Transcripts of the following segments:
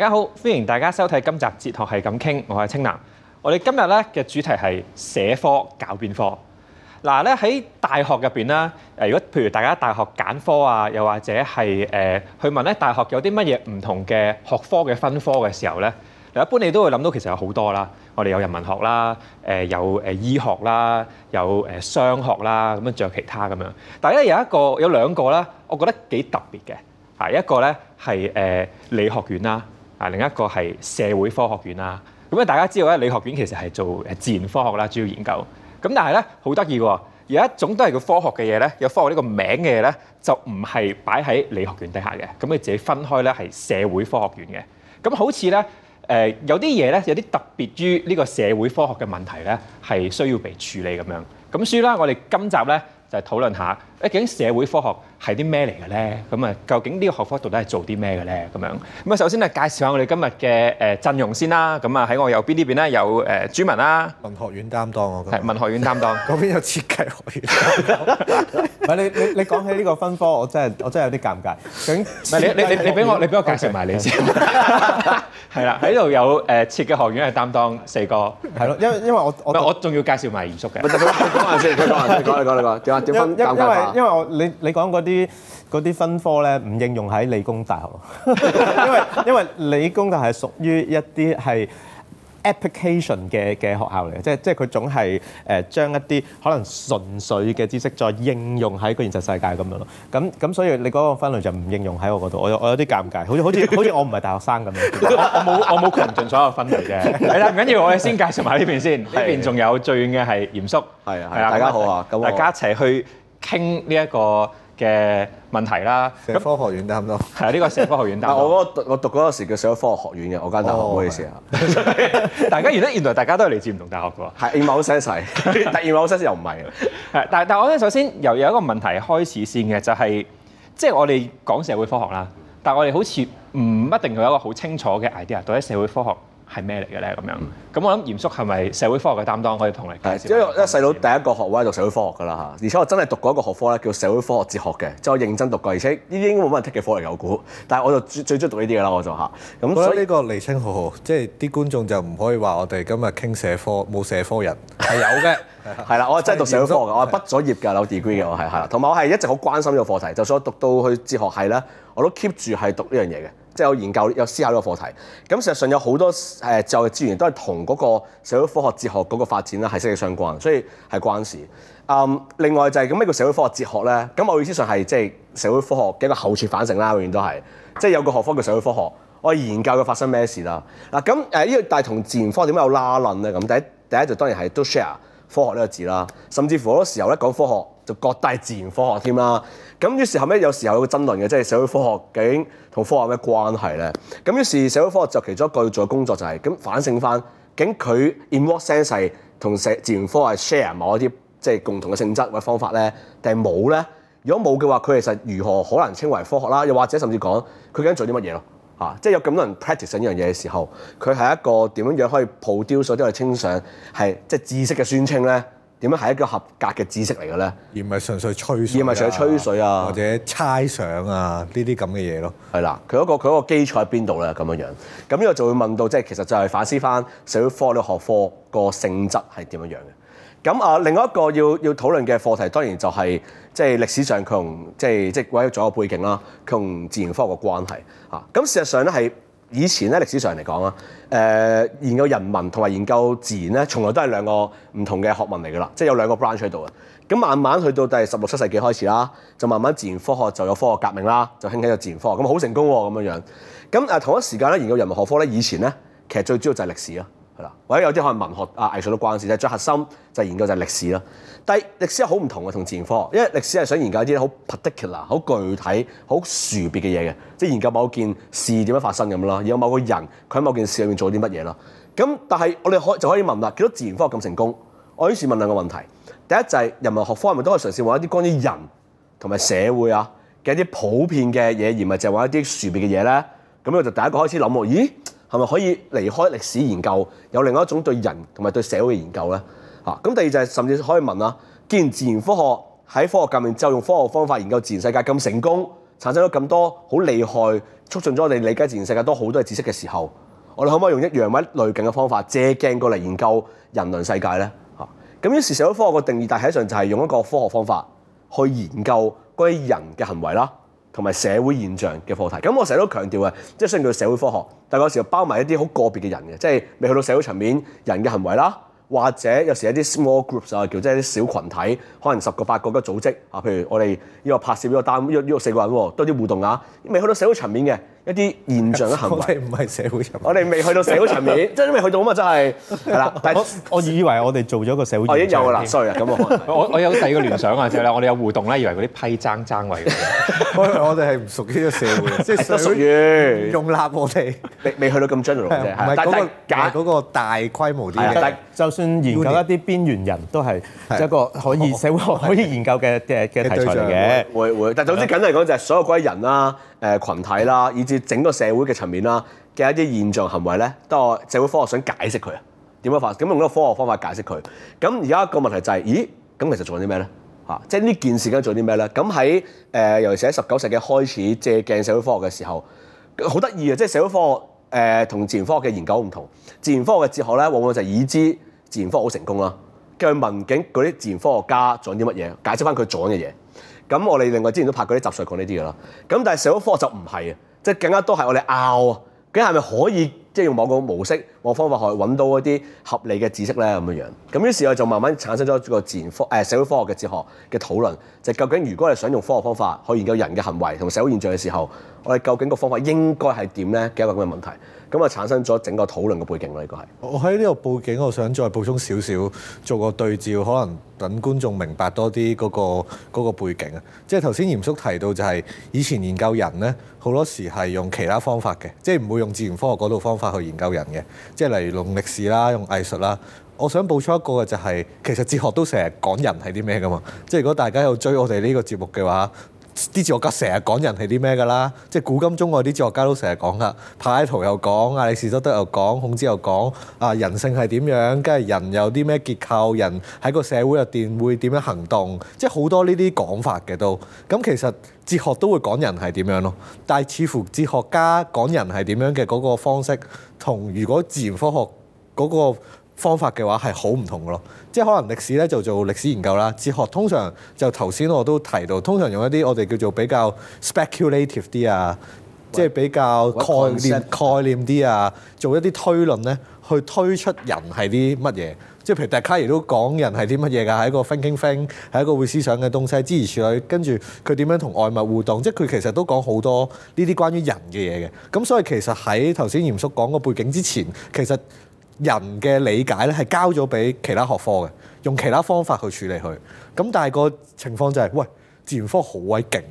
大家好，歡迎大家收睇今集哲學係咁傾，我係清楠。我哋今日咧嘅主題係社科搞邊科。嗱咧喺大學入邊啦，誒，如果譬如大家大學揀科啊，又或者係誒去問咧，大學有啲乜嘢唔同嘅學科嘅分科嘅時候咧，嗱，一般你都會諗到其實有好多啦。我哋有人文學啦，誒，有誒醫學啦，有誒商學啦，咁樣仲有其他咁樣。但係咧有一個，有兩個啦，我覺得幾特別嘅，吓一個咧係誒理學院啦。啊，另一個係社會科學院啦。咁啊，大家知道咧，理學院其實係做誒自然科學啦，主要研究。咁但係咧，好得意喎，有一種都係叫科學嘅嘢咧，有科學呢個名嘅嘢咧，就唔係擺喺理學院底下嘅。咁佢自己分開咧，係社會科學院嘅。咁好似咧，誒有啲嘢咧，有啲特別於呢個社會科學嘅問題咧，係需要被處理咁樣。咁所以咧，我哋今集咧就係討論下。誒究竟社會科學係啲咩嚟嘅咧？咁啊，究竟呢個學科到底係做啲咩嘅咧？咁樣。咁啊，首先咧，介紹下我哋今日嘅誒陣容先啦。咁啊，喺我右邊呢邊咧有誒豬文啦。文學院擔當啊。係文 學院擔當。嗰邊有設計學院。唔，你你你講起呢個分科，我真係我真係有啲尷尬。咁你 你你俾我你俾我解釋埋你先。係啦，喺度有誒設計學院係擔當四個。係咯， 因為因為我我我仲要介紹埋鹽叔嘅。講下先，你講你講你講你講點分因為我你你講嗰啲嗰啲分科咧，唔應用喺理工大學咯。因為因為理工大係屬於一啲係 application 嘅嘅學校嚟嘅，即即係佢總係誒將一啲可能純粹嘅知識再應用喺個現實世界咁樣咯。咁咁所以你嗰個分類就唔應用喺我嗰度，我我有啲尷尬，好似好似好似我唔係大學生咁。我冇我冇窮盡所有分類啫。係啦，唔緊要，我哋先介紹埋呢邊先。呢邊仲有最遠嘅係鹽叔。係係大家好啊，大家一齊去，傾呢一個嘅問題啦，科學院得唔多係啊，呢那那、呢個社科學院。得係我我讀我讀嗰時叫社會科學學院嘅，我間大學冇、oh, 唔好意思啊 。大家原諒，原來大家都係嚟自唔同大學嘅。係 i m o s e n s e 但 m o 又唔係。但我覺，首先由有一個問題開始先嘅，就係即係我哋講社會科學啦，但係我哋好似唔一定要有一個好清楚嘅 idea，到底社會科學。係咩嚟嘅咧？咁樣咁我諗嚴肅係咪社會科學嘅擔當可以同你介紹？即係我細佬第一個學位係讀社會科學㗎啦嚇，而且我真係讀過一個學科咧叫社會科學哲學嘅，即係我認真讀過，而且呢啲應該冇乜 take 嘅科嚟，我估。但係我就最最中意讀呢啲㗎啦，我就嚇。咁所以呢個釐清好好，即係啲觀眾就唔可以話我哋今日傾社科冇社科人係有嘅，係啦， 我真係讀社會科學嘅，我係畢咗業㗎，業有 degree 嘅我係，同埋我係一直好關心呢個課題，就算我讀到去哲學系咧，我都 keep 住係讀呢樣嘢嘅。即係有研究有思考呢個課題，咁事實上有好多誒就係資源都係同嗰個社會科學哲學嗰個發展啦係息息相關，所以係關事。嗯，另外就係咁咩叫社會科學哲學咧，咁我意思上係即係社會科學嘅一個後設反省啦，永遠都係即係有個學科叫社會科學，我研究佢發生咩事啦。嗱咁誒呢個但係同自然科學點解有拉攏咧？咁第一第一就當然係都 share 科學呢個字啦，甚至乎好多時候咧，講科學。就各大自然科學添啦，咁於是後尾有時候有個爭論嘅，即係社會科學竟同科學有咩關係咧？咁於是社會科學就其中一個要做嘅工作就係、是、咁反省翻，究竟佢 in what sense 係同社自然科學 share 某一啲即係共同嘅性質或者方法咧？定係冇咧？如果冇嘅話，佢其實如何可能稱為科學啦？又或者甚至講佢究竟做啲乜嘢咯？即、啊、係、就是、有咁多人 practice 呢樣嘢嘅時候，佢係一個點樣可以 produce 啲去以稱上係即係知識嘅宣稱咧？點樣係一個合格嘅知識嚟嘅咧？而唔係純粹吹水，而唔係純粹吹水啊，或者猜想啊呢啲咁嘅嘢咯。係啦，佢嗰個佢嗰個基礎喺邊度咧？咁樣樣咁呢個就會問到，即係其實就係反思翻社會科學呢個學科個性質係點樣樣嘅。咁啊，另外一個要要討論嘅課題當然就係即係歷史上佢同、即係、即係即係為咗背景啦，佢同自然科學嘅關係啊。咁事實上咧係。以前咧，歷史上嚟講啊，誒研究人文同埋研究自然咧，從來都係兩個唔同嘅學問嚟㗎啦，即係有兩個 branch 喺度嘅。咁慢慢去到第十六七世紀開始啦，就慢慢自然科學就有科學革命啦，就興起咗自然科學。咁好成功喎、啊、咁樣樣咁、呃、同一時間咧，研究人文學科咧，以前咧其實最主要就係歷史或者有啲可能文學啊、藝術都關事，但係最核心就係研究就係歷史啦，但係歷史係好唔同嘅，同自然科學，因為歷史係想研究啲好 particular、好具體、好殊別嘅嘢嘅，即係研究某件事點樣發生咁啦，有某個人佢喺某件事裏面做啲乜嘢啦，咁但係我哋可就可以問啦，幾多自然科學咁成功？我於是問兩個問題，第一就係人文學方面都可以嘗試話一啲關於人同埋社會啊嘅一啲普遍嘅嘢，而唔係就話一啲殊別嘅嘢咧。咁我就第一個開始諗喎，咦？係咪可以離開歷史研究，有另外一種對人同埋對社會嘅研究呢？嚇！咁第二就係甚至可以問啦：既然自然科學喺科學革命之後用科學方法研究自然世界咁成功，產生咗咁多好厲害，促進咗我哋理解自然世界多好多嘅知識嘅時候，我哋可唔可以用一樣或者類近嘅方法借鏡過嚟研究人類世界呢？嚇！咁於是社會科學嘅定義，大體上就係用一個科學方法去研究嗰啲人嘅行為啦。同埋社會現象嘅課題，咁我成日都強調啊，即係雖然叫社會科學，但係有時又包埋一啲好個別嘅人嘅，即係未去到社會層面人嘅行為啦，或者有時候一啲 small groups 啊，叫即係啲小群體，可能十個八個嘅組織啊，譬如我哋呢個拍攝呢、這個 t e 呢呢個四個人多啲互動啊，未去到社會層面嘅。一啲現象行為，唔係社會層，我哋未去到社會層面，即係都未去到咁啊！真係係啦。我我以為我哋做咗個社會研究，我已經有啦，衰啊咁。我我有第二個聯想嘅時候咧，我哋有互動咧，以為嗰啲批爭爭位。我以為我哋係唔屬於呢個社會，即係屬於擁立我哋，未去到咁 general 啫。但係嗰個大規模啲，就算研究一啲邊緣人都係一個可以社會可以研究嘅嘅嘅題材嘅，會會。但係總之，緊嚟講就係所有嗰人啦。誒群體啦，以至整個社會嘅層面啦嘅一啲現象行為咧，都係社會科學想解釋佢啊，點樣法？咁用嗰個科學方法解釋佢。咁而家個問題就係、是，咦？咁其實做緊啲咩咧？嚇，即係呢件事而家做啲咩咧？咁喺誒，尤其是十九世紀開始借鏡社會科學嘅時候，好得意啊！即係社會科學同自然科學嘅研究唔同，自然科學嘅哲學咧往往就係已知，自然科學好成功啦。叫民警嗰啲自然科學家做緊啲乜嘢？解釋翻佢做緊嘅嘢。咁我哋另外之前都拍過啲雜碎講呢啲㗎啦。咁但係上一科就唔係，即、就、係、是、更加多係我哋拗啊。咁係咪可以即係、就是、用某個模式？我方法可揾到一啲合理嘅知識咧，咁嘅樣。咁於是我就慢慢產生咗個自然科誒、欸、社會科學嘅哲學嘅討論，就係、究竟如果係想用科學方法去研究人嘅行為同社會現象嘅時候，我哋究竟個方法應該係點咧？嘅一個咁嘅問題，咁啊產生咗整個討論嘅背景咯，呢個係。我喺呢個背景，我想再補充少少，做個對照，可能等觀眾明白多啲嗰、嗰個嗰個背景啊。即係頭先鹽叔提到、就係，就係以前研究人咧，好多時係用其他方法嘅，即係唔會用自然科學嗰度方法去研究人嘅。即係例如用歷史啦，用藝術啦，我想補充一個嘅就係、是，其實哲學都成日講人係啲咩㗎嘛。即係如果大家有追我哋呢個節目嘅話。啲哲學家成日講人係啲咩㗎啦？即係古今中外啲哲學家都成日講㗎，柏拉圖又講，亞里士多德又講，孔子又講啊，人性係點樣？跟住人有啲咩結構？人喺個社會入邊會點樣行動？即係好多呢啲講法嘅都。咁其實哲學都會講人係點樣咯，但係似乎哲學家講人係點樣嘅嗰個方式，同如果自然科學嗰個方法嘅話係好唔同嘅咯，即係可能歷史咧就做歷史研究啦，哲學通常就頭先我都提到，通常用一啲我哋叫做比較 speculative 啲啊，即係 Wait, 比較概念 what concept? 概念啲啊，做一啲推論咧，去推出人係啲乜嘢，即係譬如笛卡爾亦都講人係啲乜嘢㗎，係一個 thinking thing，係一個會思想嘅東西，支持處女跟住佢點樣同外物互動，即係佢其實都講好多呢啲關於人嘅嘢嘅，咁所以其實喺頭先嚴叔講個背景之前，其實人嘅理解咧，係交咗俾其他學科嘅，用其他方法去處理佢。咁但係個情況就係，喂，自然科好鬼勁喎，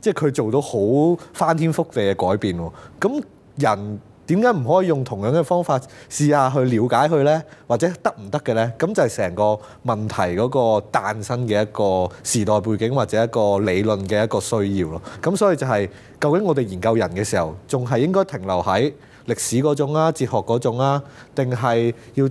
即係佢做到好翻天覆地嘅改變喎。咁人點解唔可以用同樣嘅方法試下去了解佢呢？或者得唔得嘅呢？咁就係成個問題嗰個誕生嘅一個時代背景或者一個理論嘅一個需要咯。咁所以就係究竟我哋研究人嘅時候，仲係應該停留喺歷史嗰種啊，哲學嗰種啊，定係要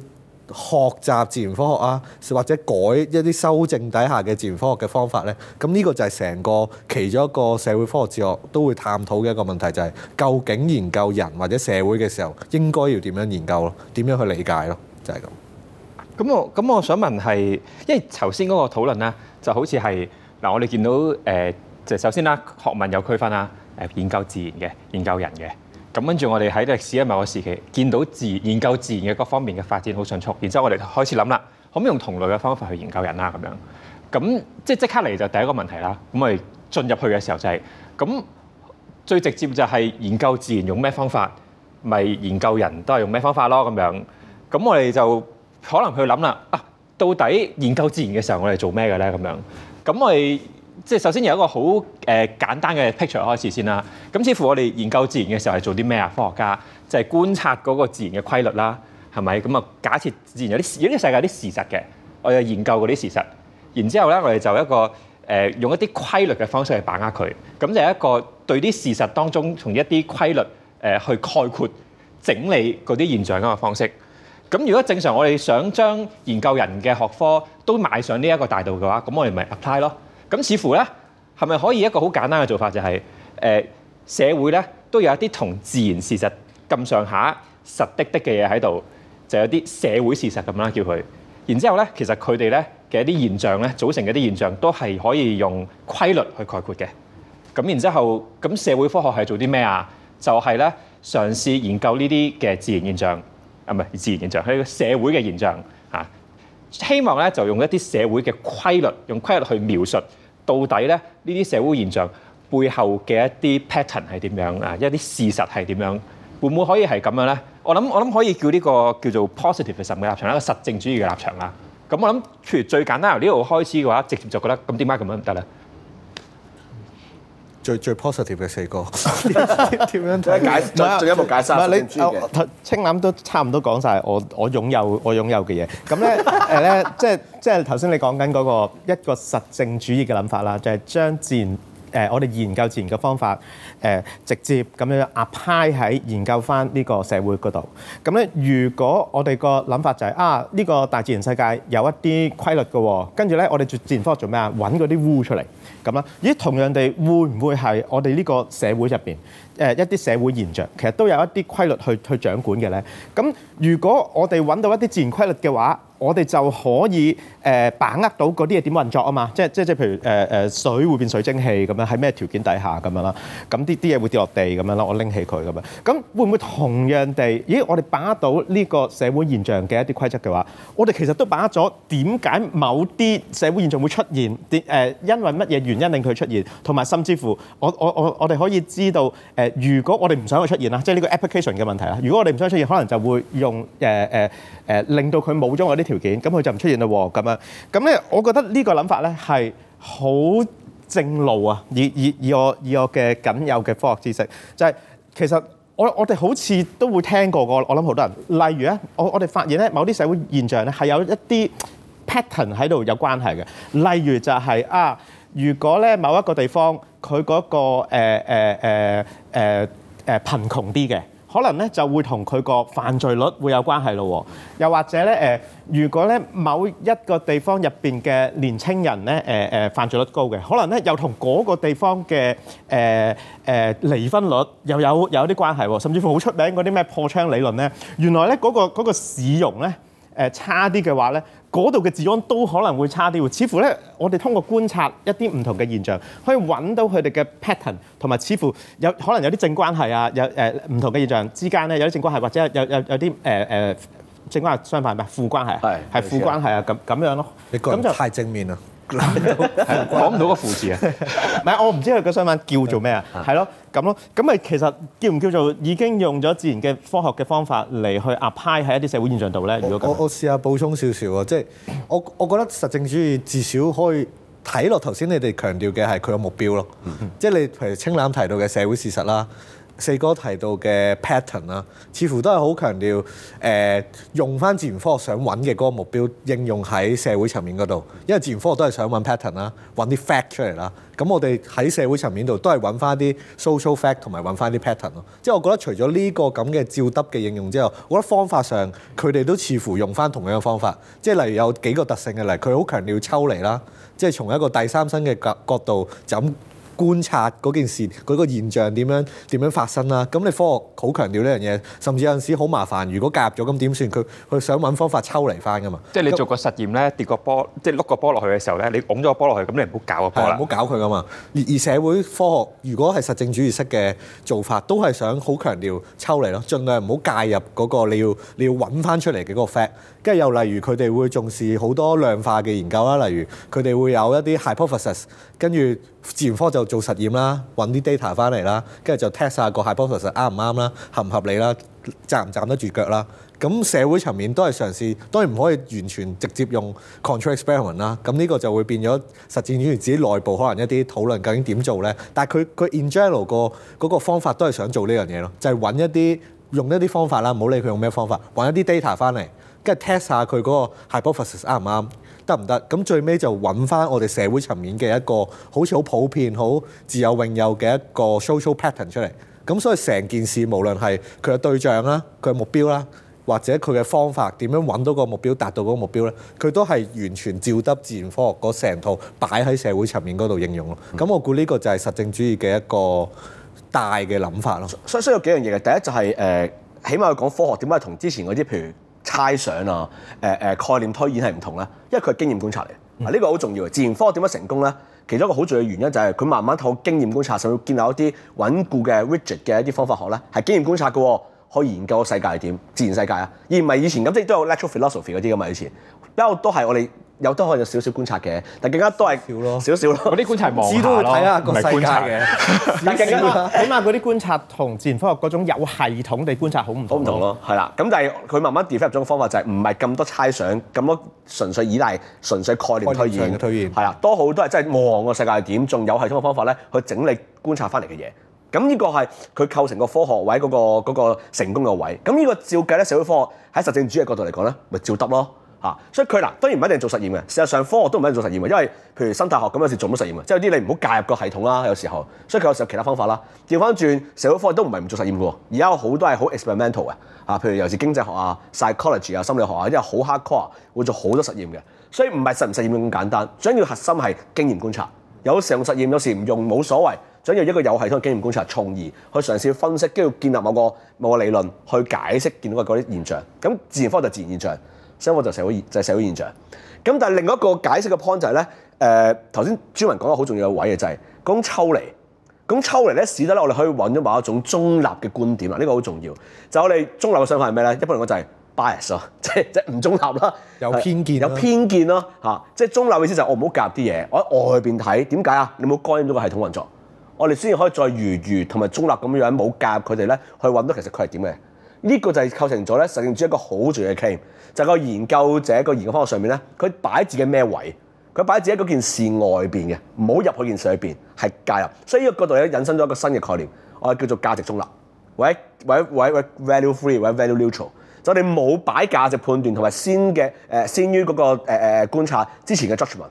學習自然科學啊，或者改一啲修正底下嘅自然科學嘅方法呢？咁呢個就係成個其中一個社會科學哲學都會探討嘅一個問題，就係究竟研究人或者社會嘅時候，應該要點樣研究咯？點樣去理解咯？就係咁。咁我咁我想問係，因為頭先嗰個討論咧，就好似係嗱，我哋見到誒，即首先啦，學問有區分啊，誒，研究自然嘅，研究人嘅。咁跟住，我哋喺歷史嘅某個時期，見到自研究自然嘅各方面嘅發展好迅速，然之後我哋開始諗啦，可唔可以用同類嘅方法去研究人啦、啊？咁樣，咁即即，即即刻嚟就第一個問題啦。咁我哋進入去嘅時候就係、是，咁最直接就係研究自然用咩方法，咪研究人都係用咩方法咯？咁樣，咁我哋就可能去諗啦。啊，到底研究自然嘅時候我做呢，我哋做咩嘅咧？咁樣，咁即係首先有一個好誒簡單嘅 picture 開始先啦。咁似乎我哋研究自然嘅時候係做啲咩啊？科學家就係、是、觀察嗰個自然嘅規律啦，係咪？咁啊，假設自然有啲有啲世界啲事實嘅，我哋研究嗰啲事實。然之後咧，我哋就一個誒、呃、用一啲規律嘅方式去把握佢。咁就係一個對啲事實當中從一啲規律誒去概括整理嗰啲現象咁嘅方式。咁如果正常我哋想將研究人嘅學科都邁上呢一個大道嘅話，咁我哋咪 apply 咯。咁似乎咧，係咪可以一個好簡單嘅做法就係，誒，社會咧都有一啲同自然事實咁上下實的的嘅嘢喺度，就有啲社會事實咁啦叫佢。然之後咧，其實佢哋咧嘅一啲現象咧，組成嘅一啲現象都係可以用規律去概括嘅。咁然之後，咁社會科學係做啲咩啊？就係咧嘗試研究呢啲嘅自然現象，啊唔係自然現象，係一個社會嘅現象，嚇。希望咧就用一啲社會嘅規律，用規律去描述到底咧呢啲社會現象背後嘅一啲 pattern 係點樣啊？一啲事實係點樣？會唔會可以係咁樣咧？我諗我諗可以叫呢個叫做 positive 嘅立場，一個實證主義嘅立場啦。咁、嗯嗯、我諗，譬如最簡單由呢度開始嘅話，直接就覺得咁點解咁樣唔得咧？最最 positive 嘅四個個點 樣？仲有冇解？唔係你青諗都差唔多講晒。我我擁有我擁有嘅嘢咁咧誒咧，即係即係頭先你講緊嗰個一個實證主義嘅諗法啦，就係將自然。誒，我哋研究自然嘅方法，誒，直接咁樣 apply 喺研究翻呢個社會嗰度。咁咧，如果我哋個諗法就係啊，呢個大自然世界有一啲規律嘅，跟住咧，我哋做自然科學做咩啊？揾嗰啲烏出嚟，咁啦。咦，同樣地，會唔會係我哋呢個社會入邊，誒一啲社會現象，其實都有一啲規律去去掌管嘅咧？咁如果我哋揾到一啲自然規律嘅話，我哋就可以誒把握到嗰啲嘢點運作啊嘛，即係即係即係譬如誒誒水會變水蒸氣咁樣，喺咩條件底下咁樣啦？咁啲啲嘢會跌落地咁樣啦，我拎起佢咁樣。咁會唔會同樣地？咦，我哋把握到呢個社會現象嘅一啲規則嘅話，我哋其實都把握咗點解某啲社會現象會出現？啲誒因為乜嘢原因令佢出現？同埋甚至乎，我我我我哋可以知道誒，如果我哋唔想佢出現啦，即係呢個 application 嘅問題啦。如果我哋唔想出現，可能就會用誒誒。誒令到佢冇咗我啲條件，咁佢就唔出現啦喎，咁樣咁咧，我覺得呢個諗法咧係好正路啊！以以以我以我嘅僅有嘅科學知識，就係其實我我哋好似都會聽過個，我諗好多人。例如咧，我我哋發現咧，某啲社會現象咧係有一啲 pattern 喺度有關係嘅。例如就係啊，如果咧某一個地方佢嗰個誒誒誒誒誒貧窮啲嘅。可能咧就會同佢個犯罪率會有關係咯，又或者咧誒，如果咧某一個地方入邊嘅年輕人咧誒誒犯罪率高嘅，可能咧又同嗰個地方嘅誒誒離婚率又有有一啲關係喎，甚至乎好出名嗰啲咩破窗理論咧，原來咧嗰個嗰個市容咧誒差啲嘅話咧，嗰度嘅治安都可能會差啲喎，似乎咧我哋通過觀察一啲唔同嘅現象，可以揾到佢哋嘅 pattern，同埋似乎有可能有啲正關係啊，有誒唔同嘅現象之間咧有啲正關係，或者有有有啲誒誒正關係相反唔係負關係，係係負關係啊，咁咁樣咯，樣你就太正面啦。講唔到, 講唔到個副字啊！唔係，我唔知佢嘅相反叫做咩啊？係咯，咁咯，咁咪其實叫唔叫做已經用咗自然嘅科學嘅方法嚟去 apply 喺一啲社會現象度咧？我如果咁，我我試下補充少少啊！即係我我覺得實證主義至少可以睇落頭先你哋強調嘅係佢嘅目標咯，即係、嗯、你譬如清楠提到嘅社會事實啦。四哥提到嘅 pattern 啦，似乎都係好強調誒用翻自然科學想揾嘅嗰個目標，應用喺社會層面嗰度。因為自然科學都係想揾 pattern 啦，揾啲 fact 出嚟啦。咁我哋喺社會層面度都係揾翻啲 social fact 同埋揾翻啲 pattern 咯。即係我覺得除咗呢個咁嘅照得嘅應用之後，我覺得方法上佢哋都似乎用翻同樣嘅方法。即係例如有幾個特性嘅，例佢好強調抽離啦，即係從一個第三身嘅角角度就觀察嗰件事，嗰、那個現象點樣點樣發生啦、啊？咁你科學好強調呢樣嘢，甚至有陣時好麻煩。如果介入咗，咁點算？佢佢想揾方法抽離翻噶嘛？即係你做個實驗咧，跌個波，即係碌個波落去嘅時候咧，你拱咗個波落去，咁你唔好搞個波啦，唔好搞佢噶嘛。而而社會科學如果係實證主義式嘅做法，都係想好強調抽離咯，盡量唔好介入嗰、那個你要你要揾翻出嚟嘅嗰個 fact。跟住又例如佢哋會重視好多量化嘅研究啦，例如佢哋會有一啲 hypothesis 跟住。自然科就做實驗啦，揾啲 data 翻嚟啦，跟住就 test 下個 hypothesis 啱唔啱啦，合唔合理啦，站唔站得住腳啦。咁社會層面都係嘗試，當然唔可以完全直接用 control experiment 啦。咁呢個就會變咗實驗員自己內部可能一啲討論，究竟點做咧。但係佢佢 in general 個嗰個方法都係想做呢樣嘢咯，就係、是、揾一啲用一啲方法啦，唔好理佢用咩方法，揾一啲 data 翻嚟，跟住 test 下佢嗰個 hypothesis 啱唔啱。得唔得？咁最尾就揾翻我哋社會層面嘅一個好似好普遍、好自有永有嘅一個 social pattern 出嚟。咁所以成件事無論係佢嘅對象啦、佢嘅目標啦，或者佢嘅方法點樣揾到個目標達到嗰個目標咧，佢都係完全照得自然科學嗰成套擺喺社會層面嗰度應用咯。咁我估呢個就係實證主義嘅一個大嘅諗法咯。所以需要有幾樣嘢嘅，第一就係、是呃、起碼要講科學點解同之前嗰啲譬如，猜想啊，誒、呃、誒、呃、概念推演係唔同啦，因為佢係經驗觀察嚟，嗯、啊呢、呢個好重要嘅。自然科學點樣成功咧？其中一個好重要嘅原因就係佢慢慢透過經驗觀察，甚至建立一啲穩固嘅 rigid 嘅一啲方法學咧，係經驗觀察嘅，可以研究世界係點，自然世界啊，而唔係以前咁，即係都有 natural philosophy 嗰啲噶嘛，以前比較都係我哋。有都可以有少少觀察嘅，但更加多係少少咯。嗰啲觀察係望，都會睇下個世界嘅。起碼起碼嗰啲觀察同 加 自然科學嗰種有系統地觀察好唔同。好唔同咯，係啦。咁但係佢慢慢 develop 咗種方法，就係唔係咁多猜想，咁多純粹依賴、純粹概念推演。推演係啦，多好多係真係望個世界點，仲有系統嘅方法咧去整理觀察翻嚟嘅嘢。咁呢個係佢構成個科學位嗰、嗰個嗰個成功嘅位。咁呢個照計咧，社會科學喺實證主義角度嚟講咧，咪照得咯。啊，所以佢嗱，當然唔一定做實驗嘅。事實上，科學都唔一定做實驗嘅，因為譬如生態學咁有時候做唔到實驗嘅，即係有啲你唔好介入個系統啦。有時候，所以佢有時候有其他方法啦。調翻轉社會科學都唔係唔做實驗嘅。而家有好多係好 experimental 嘅啊，譬如有時經濟學啊、psychology 啊、心理學啊，因係好 hard core 會做好多實驗嘅。所以唔係實唔實驗咁簡單，最緊要核心係經驗觀察。有時用實驗，有時唔用冇所謂。最緊要一個有系統經驗觀察，從而去嘗試分析，跟住建立某個某個理論去解釋見到嘅嗰啲現象。咁自然科學就自然現象。所以我就社會現就社會現象咁、就是，但係另外一個解釋嘅 point 就係、是、咧，誒頭先雋文講嘅好重要嘅位嘅就係咁抽離。咁抽離咧，使得咧我哋可以揾到某一種中立嘅觀點啦。呢、這個好重要。就我哋中立嘅想法係咩咧？一般嚟講就係 bias 咯、就是，即係即係唔中立啦、啊，有偏見、啊，有偏見啦嚇。即係中立嘅意思就係我唔好夾啲嘢，我喺外邊睇點解啊？你唔好干擾咗個系統運作，我哋先至可以再如如同埋中立咁樣冇夾佢哋咧，去揾到其實佢係點嘅。呢、這個就係構成咗咧，實現住一個好重要嘅 key 就個研究者個研究方法上面咧，佢擺自己咩位？佢擺自己嗰件事外面嘅，唔好入去件事裏面，係介入。所以呢個角度咧引申咗一個新嘅概念，我哋叫做價值中立，或者 value free，或者 value neutral。就我哋冇擺價值判斷同埋先嘅先於嗰、嗰個呃、個觀察之前嘅 judgment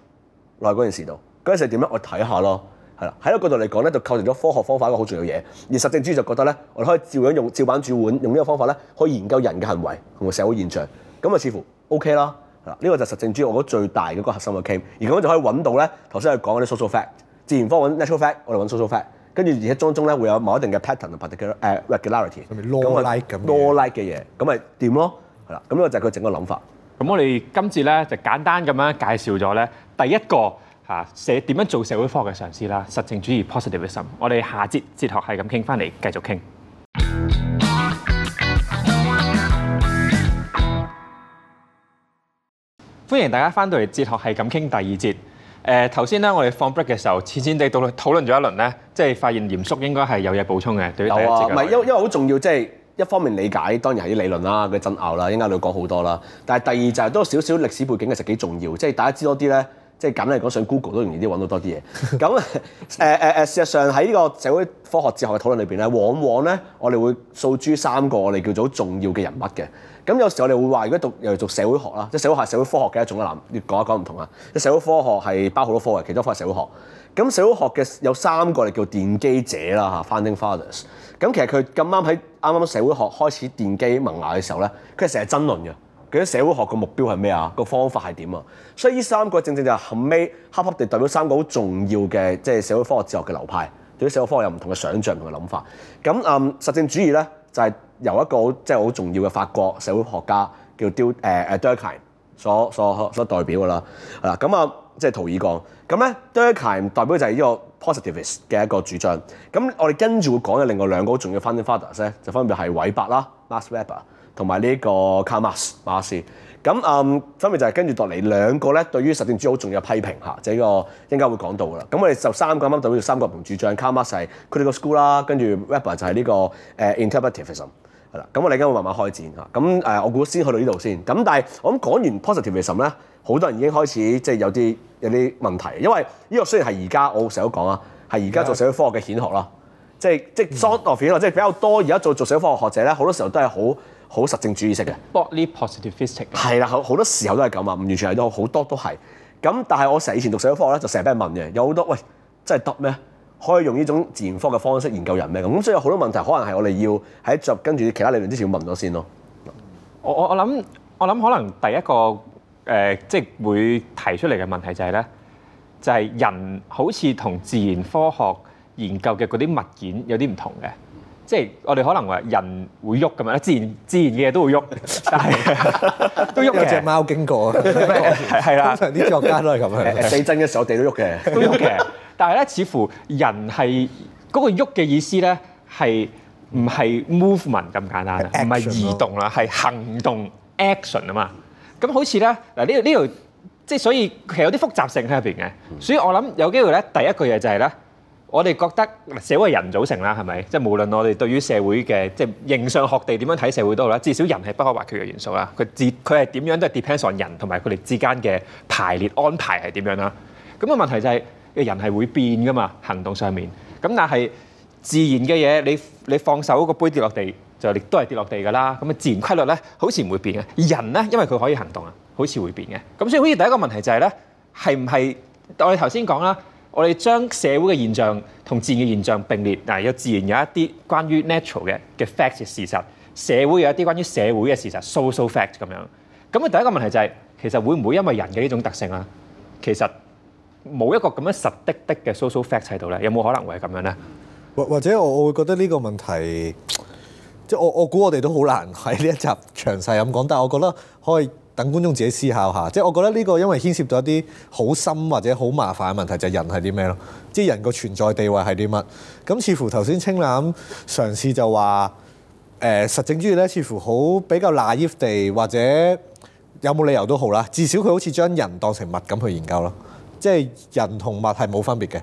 落去嗰件事度，嗰件事點樣我睇下咯。係啦，喺呢個角度嚟講咧，就構成咗科學方法一個好重要嘢。而實證主義就覺得咧，我哋可以照樣用照板煮碗用呢個方法咧，可以研究人嘅行為同埋社會現象。咁啊，似乎 OK 啦。呢、呢個就實證主義我覺得最大嘅一個核心嘅 key 而咁就可以揾到咧。頭先係講緊啲 social fact，自然科揾 natural fact，我哋揾 social fact，跟住而且當中咧會有某一定嘅 pattern 同 particular regularity，咁咪多 like 咁多就 like 嘅嘢，咁咪點咯？係啦，咁呢個就係佢整個諗法。咁我哋今次咧就簡單咁樣介紹咗咧第一個嚇社點樣做社會科學嘅嘗試啦，實證主義 positivism。我哋下節哲學係咁傾翻嚟繼續傾。歡迎大家翻到嚟哲學係咁傾第二節。誒頭先咧，我哋放 break 嘅時候，淺淺地討論討論咗一輪咧，即係發現鹽叔應該係有嘢補充嘅。有啊對，唔係因因為好重要，即係、就是、一方面理解當然係啲理論啦、嘅爭拗啦，應該你要講好多啦。但係第二就係、是、多少少歷史背景其實幾重要，即、就、係、是、大家知道多啲咧，即係簡單嚟講，上 Google 都容易啲揾到多啲嘢。咁誒誒誒，事實上喺呢個社會科學哲學嘅討論裏邊咧，往往咧我哋會訴諸三個我哋叫做重要嘅人物嘅。咁有時我哋會話，如果讀又係讀社會學啦，即係社會學社會科學嘅一種啦。嗱，你講一講唔同啊！即社會科學係包好多科嘅，其中一科係社會學。咁社會學嘅有三個，你叫奠基者啦嚇 Founding Fathers）。咁其實佢咁啱喺啱啱社會學開始奠基萌芽嘅時候咧，佢哋成日爭論嘅，佢啲社會學嘅目標係咩啊？個方法係點啊？所以呢三個正正就係後尾恰恰地代表三個好重要嘅即係社會科學哲學嘅流派，對社會科學有唔同嘅想像同嘅諗法。咁嗯，實證主義咧，就係由一個好即係好重要嘅法國社會學家叫丟誒誒、呃、Durkheim 所所所，所代表㗎啦，係啦，咁啊即係圖爾幹，咁、就、咧、是、Durkheim 代表就係呢個 positivist 嘅一個主張，咁我哋跟住會講嘅另外兩個好重要 founding fathers 咧，就分別係韋伯啦，Max Weber，同埋呢個 Karl Marx。咁誒、嗯、分別就係跟住落嚟兩個咧，對於實驗之好重要批評嚇，就係呢個應該會講到噶啦。咁我哋就三個咁，代表三個名主將。第一 u 就係佢哋個 school 啦，跟住 rapper 就係呢、這個 interpretivism 啦。咁、uh, 我哋而家會慢慢開展，咁我估先去到呢度先。咁但係我講完 positivism 咧，好多人已經開始即係、就是、有啲有啲問題，因為呢個雖然係而家我成日都講啊，係而家做社會科學嘅顯學啦的，即係、嗯、即係 s o r t o f 即係比較多而家做做社會科學學者咧，好多時候都係好。好實證主義式嘅，body positivistic，係啦，好好多時候都係咁啊，唔完全係都好多都係。咁但係我成日以前讀社會科學咧，就成日俾人問嘅，有好多喂真係得咩？可以用呢種自然科學嘅方式研究人咩？咁咁所以有好多問題，可能係我哋要喺著跟住其他理論之前要問咗先咯。我我我諗我諗可能第一個、呃、即係會提出嚟嘅問題就係、是、咧，就係、是、人好似同自然科學研究嘅嗰啲物件有啲唔同嘅。即係我哋可能話人會喐咁樣咧，自然自然嘅嘢都會喐，都喐。有一隻貓經過，係啦，啲作家都係咁樣。地震嘅時候地都喐嘅，都喐嘅。但係咧，似乎人係嗰個喐嘅意思咧，係唔係 movement 咁簡單，唔係是 action 移動啦，係行動 action 啊嘛。咁好似咧，嗱呢呢條即係所以其實有啲複雜性喺入邊嘅。所以我諗有機會咧，第一個嘢就係咧。我哋覺得，社會人組成啦，係咪？即係無論我哋對於社會嘅，即係形上學地點樣睇社會都好啦，至少人係不可或缺嘅元素啦。佢自佢係點樣都係 depends on 人同埋佢哋之間嘅排列安排係點樣啦。咁嘅問題就係，人係會變噶嘛，行動上面。咁但係自然嘅嘢，你你放手個杯跌落地，就亦都係跌落地㗎啦。咁啊自然規律咧，好似唔會變嘅。人咧，因為佢可以行動啊，好似會變嘅。咁所以好似第一個問題就係咧，係唔係我哋頭先講啦？我哋將社會嘅現象同自然嘅現象並列，嗱，有自然有一啲關於 natural 嘅嘅 facts 嘅事實，社會有一啲關於社會嘅事實，social fact 咁樣。咁嘅第一個問題就係，其實會唔會因為人嘅呢種特性啊？其實冇一個咁樣實滴滴嘅 social fact 喺度咧？有冇可能會係咁樣咧？或或者我我會覺得呢個問題，即係我我估我哋都好難喺呢一集詳細咁講，但係我覺得可以。等觀眾自己思考一下，即係我覺得呢個因為牽涉咗一啲好深或者好麻煩嘅問題，就係、是、人係啲咩咯？即係人個存在地位係啲乜？咁似乎頭先清楠嘗試就話，誒、呃、實證主義咧，似乎好比較 naive 地或者有冇理由都好啦，至少佢好似將人當成物咁去研究咯。即係人同物係冇分別嘅，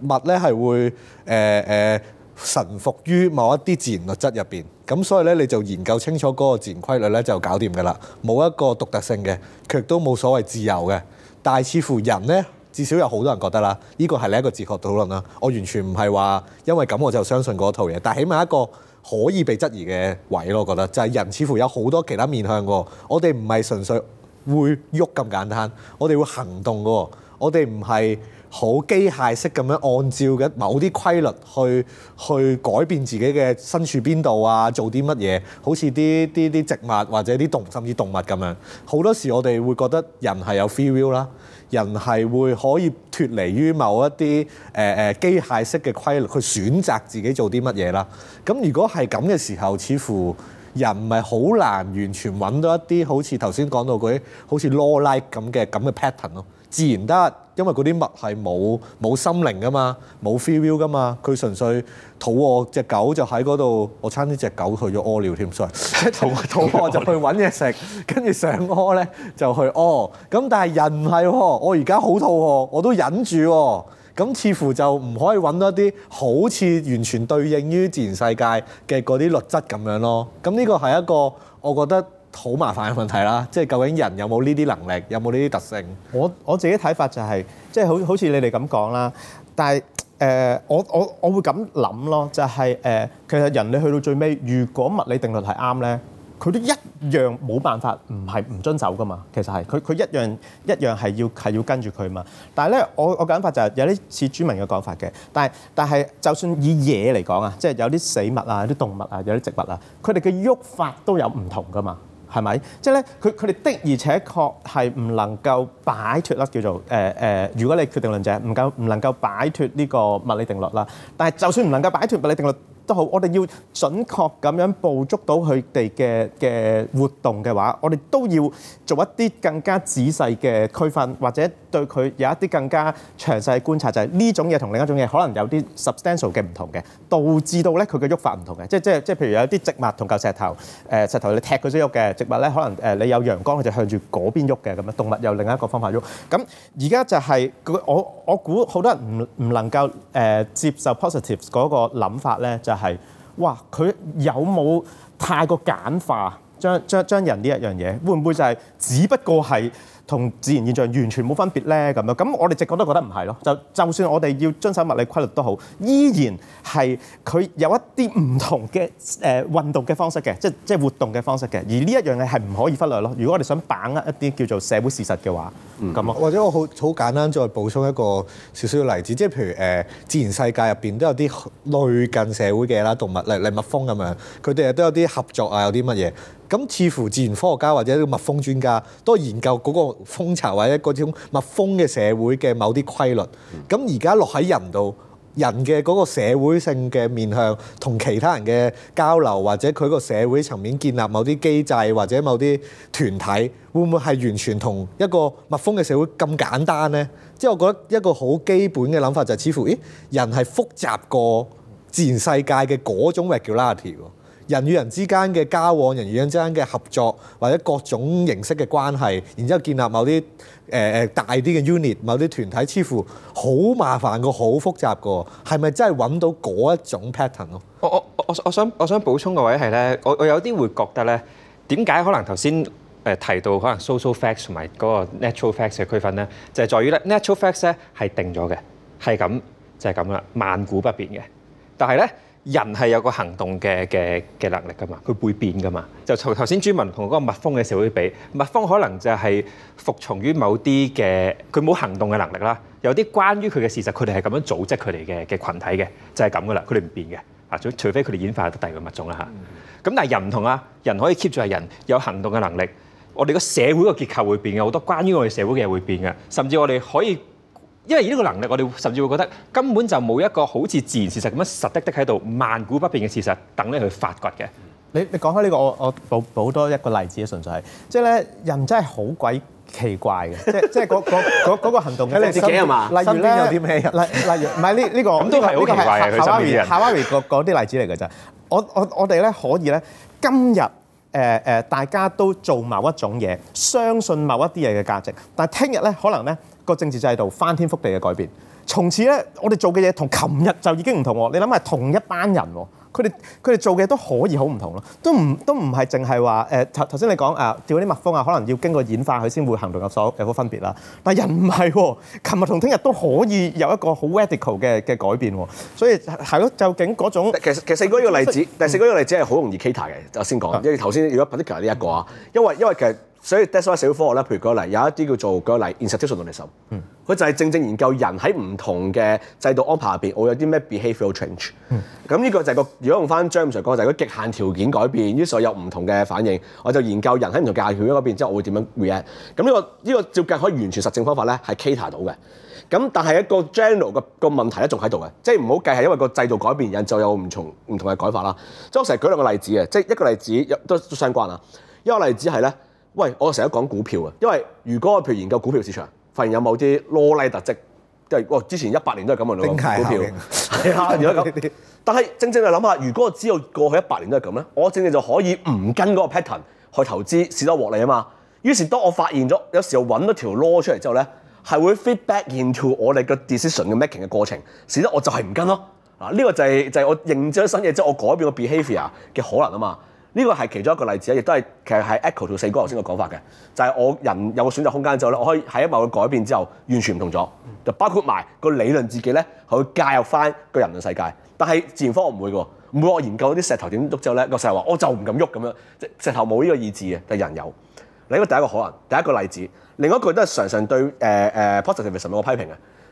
物咧係會誒誒。呃呃臣服於某一啲自然律則入面，咁所以咧你就研究清楚嗰個自然規律咧就搞掂㗎啦。冇一個獨特性嘅，佢亦都冇所謂自由嘅。但係似乎人呢，至少有好多人覺得啦，呢個係你一個哲學討論啦。我完全唔係話因為咁我就相信嗰套嘢，但係起碼一個可以被質疑嘅位咯，我覺得就係人似乎有好多其他面向喎。我哋唔係純粹會喐咁簡單，我哋會行動喎。我哋唔係。好機械式咁樣按照嘅某啲規律去去改變自己嘅身處邊度啊，做啲乜嘢？好似啲啲啲植物或者啲動甚至動物咁樣。好多時我哋會覺得人係有 free will 啦，人係會可以脫離於某一啲誒、呃、機械式嘅規律去選擇自己做啲乜嘢啦。咁如果係咁嘅時候，似乎人唔係好難完全揾到一啲好似頭先講到嗰啲好似 law like 咁嘅咁嘅 pattern 咯，自然得。因為嗰啲物係冇冇心靈㗎嘛，冇 feel 㗎嘛，佢純粹肚餓，隻狗就喺嗰度，我差啲隻狗去咗屙尿添，真係，一吐肚餓就去搵嘢食，跟住 上屙咧就去屙。咁、哦、但係人唔係、哦，我而家好肚餓，我都忍住、哦。咁似乎就唔可以搵到一啲好似完全對應於自然世界嘅嗰啲律則咁樣咯。咁呢個係一個我覺得。好麻煩嘅問題啦，即係究竟人有冇呢啲能力，有冇呢啲特性？我我自己睇法就係即係好好似你哋咁講啦，但係誒、呃，我我我會咁諗咯，就係、是、誒、呃、其實人你去到最尾，如果物理定律係啱咧，佢都一樣冇辦法唔係唔遵守噶嘛。其實係佢佢一樣一樣係要係要跟住佢嘛。但係咧，我我講法就係有啲似雋文嘅講法嘅，但係但係就算以嘢嚟講啊，即、就、係、是、有啲死物啊、有啲動物啊、有啲植物啊，佢哋嘅喐法都有唔同噶嘛。係咪？即係咧，佢佢哋的而且確係唔能夠擺脫啦，叫做誒誒、呃呃，如果你決定論者唔夠，唔能夠擺脫呢個物理定律啦。但係就算唔能夠擺脫物理定律都好，我哋要準確咁樣捕捉到佢哋嘅嘅活動嘅話，我哋都要做一啲更加仔細嘅區分，或者對佢有一啲更加詳細嘅觀察，就係呢種嘢同另一種嘢可能有啲 substantial 嘅唔同嘅，導致到咧佢嘅喐法唔同嘅，即係即係即係譬如有啲植物同嚿石頭，誒石頭你踢佢先喐嘅，植物咧可能誒你有陽光佢就向住嗰邊喐嘅咁啊，動物有另一個方法喐。咁而家就係個我我估好多人唔唔能夠誒接受 positive 嗰個諗法咧就。係，哇！佢有冇太過簡化將將將人呢一樣嘢？會唔會就係、是、只不過係。同自然現象完全冇分別咧咁樣，咁我哋直覺都覺得唔係咯。就就算我哋要遵守物理規律都好，依然係佢有一啲唔同嘅誒運動嘅方式嘅，即係即係活動嘅方式嘅。而呢一樣嘢係唔可以忽略咯。如果我哋想把握一啲叫做社會事實嘅話，咁或者我好好簡單再補充一個少少嘅例子，即係譬如誒自然世界入邊都有啲類近社會嘅啦，動物例如蜜蜂咁樣，佢哋都有啲合作啊，有啲乜嘢？咁似乎自然科學家或者蜜蜂專家都研究嗰個蜂巢或者嗰種蜜蜂嘅社會嘅某啲規律。咁而家落喺人度，人嘅嗰個社會性嘅面向，同其他人嘅交流，或者佢個社會層面建立某啲機制或者某啲團體，會唔會係完全同一個蜜蜂嘅社會咁簡單呢？即係、就是、我覺得一個好基本嘅諗法就似乎咦人係複雜過自然世界嘅嗰種 regularity 人與人之間嘅交往，人與人之間嘅合作，或者各種形式嘅關係，然之後建立某啲誒誒大啲嘅 unit，某啲團體，似乎好麻煩個，好複雜個，係咪真係揾到嗰一種 pattern 咯？我我我我想我想我想補充嘅位係咧，我我有啲會覺得咧，點解可能頭先誒提到可能 social so facts 同埋嗰個 natural facts 嘅區分咧，就係、係、在於咧 natural facts 咧係定咗嘅，係咁就係咁啦，萬古不變嘅，但係咧。人係有個行動嘅嘅嘅能力噶嘛，佢會變噶嘛。就從頭先雋文同嗰個蜜蜂嘅社會比，蜜蜂可能就係服從於某啲嘅，佢冇行動嘅能力啦。有啲關於佢嘅事實，佢哋係咁樣組織佢哋嘅嘅羣體嘅，就係咁噶啦。佢哋唔變嘅，啊除除非佢哋演化得第二個物種啦嚇。咁但係人唔同啊，人可以 keep 住係人，有行動嘅能力。我哋個社會個結構會變嘅，好多關於我哋社會嘅嘢會變嘅，甚至我哋可以。因為而呢個能力，我哋甚至會覺得根本就冇一個好似自然事實咁樣實的的喺度萬古不變嘅事實等你去發掘嘅。你你講開呢個，我我補補多一個例子啊，純粹係即係咧人真係好鬼奇怪嘅，即即係嗰嗰嗰嗰個行動喺你自己啊嘛。例如咧，有啲咩？例例如唔係呢呢個咁都係好奇怪嘅。佢身邊嘅人，卡瓦瑞嗰嗰啲例子嚟㗎啫。我我我哋咧可以咧，今日誒誒大家都做某一種嘢，相信某一啲嘢嘅價值，但係聽日咧可能咧。個政治制度翻天覆地嘅改變，從此咧我哋做嘅嘢同琴日就已經唔同喎。你諗下，同一班人喎，佢哋佢哋做嘅都可以好唔同咯，都唔都唔係淨係話誒頭頭先你講誒調啲蜜蜂啊，可能要經過演化佢先會行動有所有個分別啦。但係人唔係喎，琴日同聽日都可以有一個好 radical 嘅嘅改變喎。所以係咯，究竟嗰種其實其實第四個例子，第四個例子係好容易 cater 嘅，我先講，即係頭先如果 particularly 呢一個啊，因為因為其實。所以 despite 社會科學咧，譬如舉例有一啲叫做舉例 institutionalism 佢就係正正研究人喺唔同嘅制度安排入邊我有啲咩 behavioral change。咁呢、hmm. 個就係個如果用翻 James 嚟講就係、是，個極限條件改變，於是有唔同嘅反應，我就研究人喺唔同嘅條件嗰邊之後，即係我會點樣 react。咁呢、這個呢、這個照計可以完全實證方法咧係 cater 到嘅。咁但係一個 general 個個問題咧仲喺度嘅，即係唔好計係因為個制度改變人，人就有唔同唔同嘅改法啦。即係我成日舉兩個例子嘅，即、就、係、是、一個例子都都相關啦。一個例子係咧。喂，我成日講股票啊，因為如果我譬如研究股票市場，發現有某啲 law-like 特質，即係哇，之前一百年都係咁啊，真是 股票啊應， 如果咁，但係正正就諗下，如果我知道過去一百年都係咁咧，我正正就可以唔跟嗰個 pattern 去投資，使得獲利啊嘛。於是當我發現咗有時候揾到條 law 出嚟之後咧，係會 feedback into 我哋嘅 decision 嘅 making 嘅過程，使得我就係唔跟咯。嗱，呢個就係、是、就係、是、我認知咗新嘢之後，就是、我改變個 behavior 嘅可能啊嘛。呢個係其中一個例子啊，亦都係其實係 Echo 到四哥頭先個講法嘅，就係、是、我人有個選擇空間之後咧，我可以喺某個改變之後完全唔同咗，就包括埋個理論自己咧去介入翻個人類世界。但係自然科學唔會嘅，唔會我研究啲石頭點喐之後咧，個石頭話我就唔敢喐咁樣，石頭冇呢個意志嘅，但、就、係、是、人有。呢、這個第一個可能，第一個例子。另一句都係常常對誒誒 Positive Research 有批評嘅，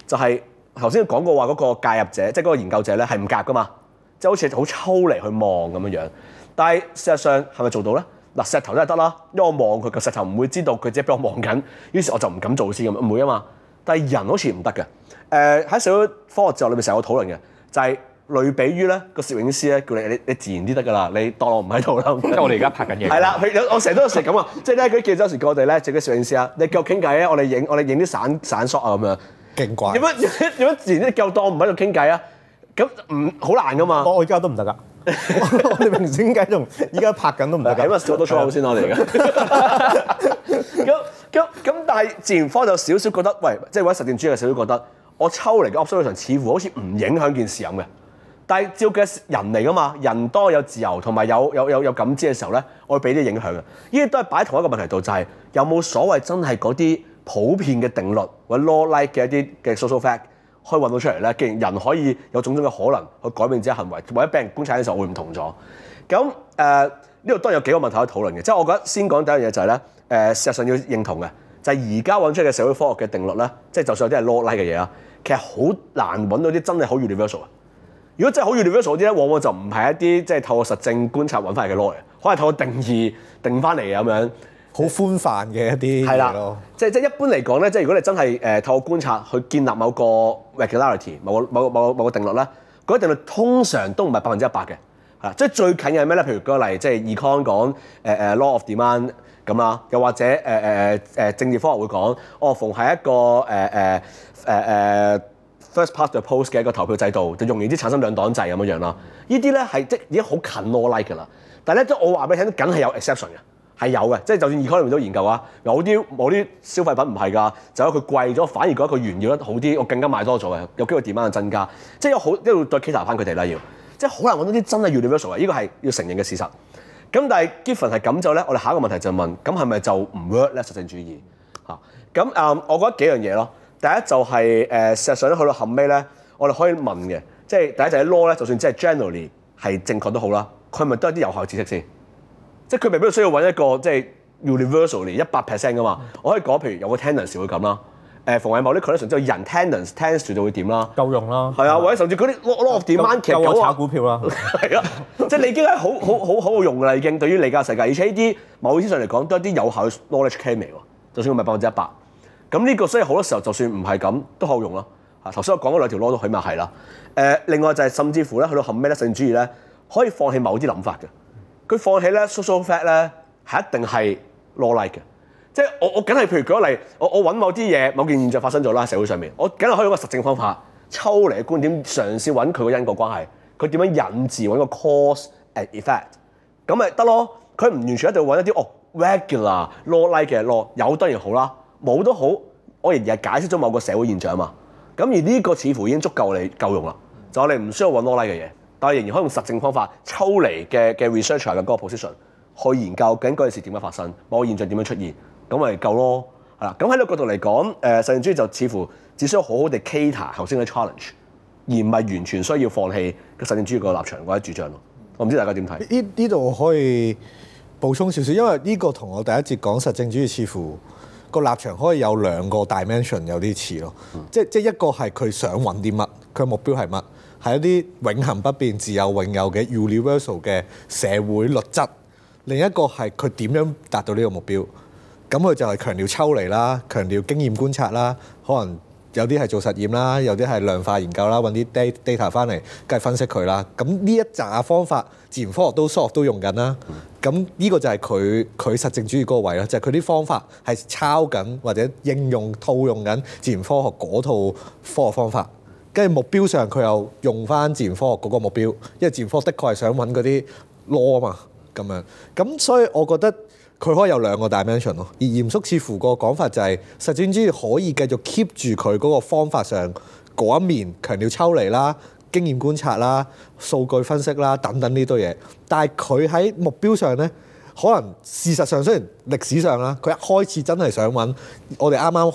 就係頭先講過話嗰、那個介入者，即係嗰個研究者咧係唔夾噶嘛，即係好似好抽離去望咁樣樣。但係事實上係咪做到咧？嗱，石頭都係得啦，因為我望佢個石頭唔會知道佢即係俾我望緊，於是我就唔敢做先咁，唔會啊嘛。但係人好似唔得嘅。誒、呃，喺社會科學節目裏面成日有討論嘅，就係、是、類比於咧個攝影師咧，叫你你你自然啲得噶啦，你當我唔喺度啦，即係我哋而家拍緊嘢。係啦，有我成日都有食咁啊，即係咧佢叫嗰陣時，叫我哋咧自己攝影師啊，你夠傾偈啊，我哋影我哋影啲散散 shot 啊咁樣，勁怪。點解點解自然啲夠當我唔喺度傾偈啊？咁唔好難噶嘛。我而家都唔得噶。 我哋明時點解仲依家拍緊都唔得好多先嘅。咁咁咁，但係自然科就少少覺得，喂，即係揾實驗主義嘅少少覺得，我抽嚟嘅 observation 嘅似乎好似唔影響件事咁嘅。但係，照嘅人嚟噶嘛，人多有自由同埋有有有有感知嘅時候咧，我會俾啲影響嘅。呢啲都係擺喺同一個問題度，就係、是、有冇所謂真係嗰啲普遍嘅定律或 law-like 嘅一啲嘅 social fact 可以揾到出嚟咧，既然人可以有種種嘅可能去改變自己行為，或者俾人觀察嘅時候會唔同咗。咁誒呢度當然有幾個問題可以討論嘅，即、就、係、是、我覺得先講第一樣嘢就係、是、咧，誒、呃、事實上要認同嘅就係而家揾出嚟嘅社會科學嘅定律咧，即、就、係、是、就算有啲係 lawlike 嘅嘢啦，其實好難揾到啲真係好 universal。如果真係好 universal 啲咧，往往就唔係一啲即係透過實證觀察揾翻嚟嘅 law 嘅，可能透過定義定翻嚟嘅咁樣。好寬泛嘅一啲嘢咯，即係即係一般嚟講咧，即係如果你真係誒透過觀察去建立某個 regularity、某個某某某個定律咧，嗰個定律通常都唔係百分之一百嘅，係啦，即係最近嘅咩咧？譬如舉個例，即係 econ 講誒誒、uh, law of demand 咁啊，又或者誒誒誒政治科學會講哦，逢係一個誒誒誒誒 first past the post 嘅一個投票制度，就容易啲產生兩黨制咁樣樣啦。依啲咧係即係已經好近 law like 嘅啦，但係咧即係我話俾你聽，梗係有 exception 嘅。係有嘅，即係就算二科裏面都研究啊。有啲冇啲消費品唔係㗎，就係佢貴咗，反而覺得佢炫耀得好啲，我更加買多咗嘅，有機會點樣增加？即係好一路再 cater 翻佢哋啦，要即係好難揾到啲真係要。料嘅數嘅。呢個係要承認嘅事實。咁但係 Giffen 係咁之後咧，我哋下一個問題就問：咁係咪就唔 work 咧實證主義？嚇咁誒，我覺得幾樣嘢咯。第一就係、是、誒、呃，事實上去到了後尾咧，我哋可以問嘅，即、就、係、是、第一就係 law 咧，就算即係 generally 係正確都好啦，佢係咪都有啲有效知識先？即係佢未必需要揾一個即係 universal 嚟，一百 percent 噶嘛。我可以講，譬如有個 tendency 會咁啦。誒，逢係某啲 collection 之後，人 tendency tendency 就會點啦？夠用啦。係啊，或者甚至嗰啲 knowledge manager 夠炒股票啦。係啊，即係你已經係好好好好用㗎啦，已經對於你家世界。而且呢啲某意思上嚟講，都係啲有效嘅 knowledge carry 嚟喎。就算佢咪百分之一百，咁呢個所以好多時候，就算唔係咁，都好用咯。啊，頭先我講嗰兩條 law 都起碼係啦。誒，另外就係甚至乎咧，去到後尾咧，甚至乎咧，可以放棄某啲諗法嘅。佢放棄咧，social fact 咧係一定係 law like 嘅，即係我我梗係譬如舉例，我我揾某啲嘢，某件現象發生咗啦社會上面，我梗係可以用個實證方法抽離嘅觀點嘗試揾佢個因果關係，佢點樣引致揾個 cause and effect，咁咪得咯？佢唔完全一定要揾一啲哦 regular law like 嘅 law，有當然好啦，冇都好，我仍然係解釋咗某個社會現象嘛。咁而呢個似乎已經足夠你夠用啦，就我哋唔需要揾 law like 嘅嘢。但係仍然可以用實證方法抽離嘅嘅 researcher 嘅嗰個 position 去研究緊嗰件事點樣發生，某個現象點樣出現，咁咪夠咯，係啦。咁喺呢個角度嚟講，誒、呃、實證主義就似乎只需要好好地 cater 頭先嘅 challenge，而唔係完全需要放棄個實證主義個立場或者、那個、主張咯。我唔知大家點睇？呢呢度我可以補充少少，因為呢個同我第一節講實證主義似乎個立場可以有兩個 dimension 有啲似咯，嗯、即即一個係佢想揾啲乜，佢目標係乜。係一啲永恆不變、自有永有嘅 universal 嘅社會律則。另一個係佢點樣達到呢個目標？咁佢就係強調抽離啦，強調經驗觀察啦。可能有啲係做實驗啦，有啲係量化研究啦，揾啲 data data 翻嚟梗係分析佢啦。咁呢一紮方法，自然科學都、數學都用緊啦。咁呢個就係佢佢實證主義嗰個位啦，就係佢啲方法係抄緊或者應用套用緊自然科學嗰套科學方法。跟住目標上，佢又用翻自然科學嗰個目標，因為自然科學的確係想揾嗰啲 law 啊嘛，咁樣。咁所以我覺得佢可以有兩個 dimension 咯。而嚴肅似乎個講法就係、是、實證主義可以繼續 keep 住佢嗰個方法上嗰一面，強調抽離啦、經驗觀察啦、數據分析啦等等呢堆嘢。但係佢喺目標上呢，可能事實上雖然歷史上啦，佢一開始真係想揾我哋啱啱。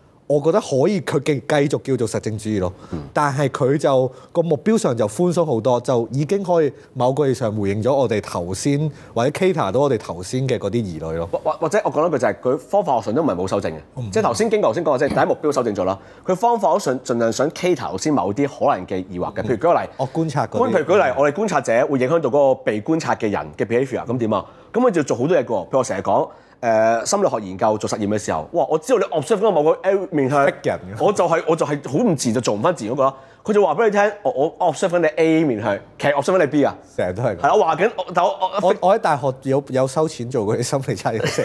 我覺得可以佢經繼續叫做實證主義咯，但係佢就個目標上就寬鬆好多，就已經可以某個意義上回應咗我哋頭先或者 cater 到我哋頭先嘅嗰啲疑慮咯。或或者我講一句、就是，就係佢方法學上都唔係冇修正嘅，嗯、即係頭先經過頭先講即係第一目標修正咗啦。佢方法上想盡量想 cater 先某啲可能嘅疑惑嘅，譬如舉例，我觀察譬如舉例，的我哋觀察者會影響到嗰個被觀察嘅人嘅 behavior，咁點啊？咁佢就做好多嘢嘅，譬如我成日講。誒，心理學研究做實驗嘅時候，哇！我知道你 observe 某個 A 面向黑人，我就係我就係好唔自然就做唔翻自然嗰個，佢就話俾你聽，我我 observe 你 A 面向，其實 observe 你 B 啊。成日都係。係我話緊，但我我我喺大學有有收錢做嗰啲心理測驗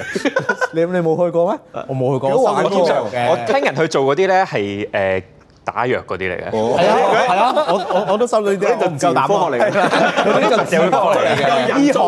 你你冇去過咩？我冇去過。我聽人去做嗰啲咧，係誒打藥嗰啲嚟嘅。係啊，我我我都心理啲。呢啲唔夠科學嚟㗎。呢啲科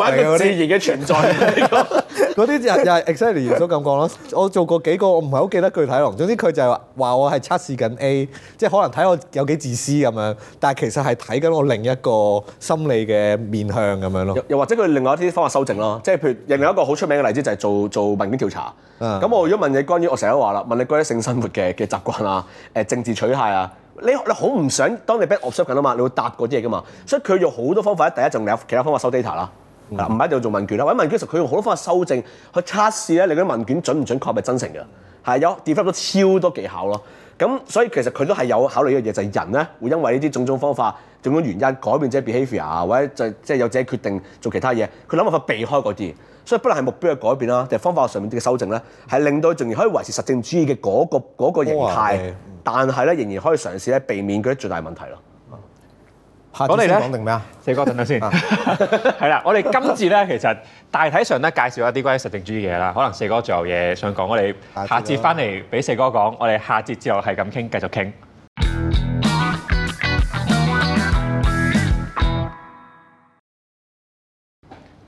學自然嘅存在嗰啲就又係 exactly 都咁講咯，我做過幾個，我唔係好記得具體咯。總之佢就係話我係測試緊 A，即係可能睇我有幾自私咁樣，但係其實係睇緊我另一個心理嘅面向咁樣咯。又或者佢另外一啲方法修正咯，即係譬如有另一個好出名嘅例子就係、是、做做問卷調查。咁、啊、我如果問你關於我成日都話啦，問你關於性生活嘅嘅習慣啊，誒政治取態啊，你你好唔想當你被 observed 緊啊嘛，你會答嗰啲嘢噶嘛，所以佢用好多方法，第一就用其他方法收 data 啦。嗱，唔一定要做問卷啦，或者問卷其實佢用好多方法修正，去測試咧你嗰啲問卷準唔準確真，係真誠嘅？係有 develop 咗超多技巧咯。咁所以其實佢都係有考慮呢樣嘢，就係、是、人咧會因為呢啲種種方法、種種原因改變自己 behaviour，或者就即係有自己決定做其他嘢，佢諗辦法避開嗰啲。所以不論係目標嘅改變啦，定係方法上面嘅修正咧，係令到仍然可以維持實證主義嘅嗰、嗰個嗰個形態，但係咧仍然可以嘗試咧避免佢啲最大問題咯。我哋咧講定咩啊？四哥，等等先，係啦。我哋今節咧，其實大體上咧介紹一啲關於實證主義嘢啦。可能四哥仲有嘢想講，我哋下節翻嚟俾四哥講。次我哋下節之後係咁傾，繼續傾。嗯、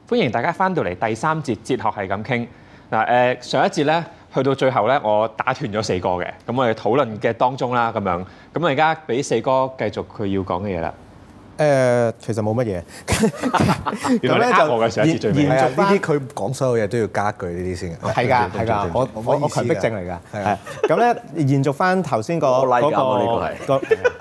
歡迎大家翻到嚟第三節哲學係咁傾嗱。誒、上一節咧去到最後咧，我打斷咗四哥嘅咁，我哋討論嘅當中啦，咁樣咁我而家俾四哥繼續佢要講嘅嘢啦。誒、呃、其實冇乜嘢，然後咧，就延延續啲佢講所有嘢都要加一句呢啲先係㗎，係㗎的。啊、我我我，我強迫症嚟㗎，係咁咧。延續翻頭先個嗰、這個那個，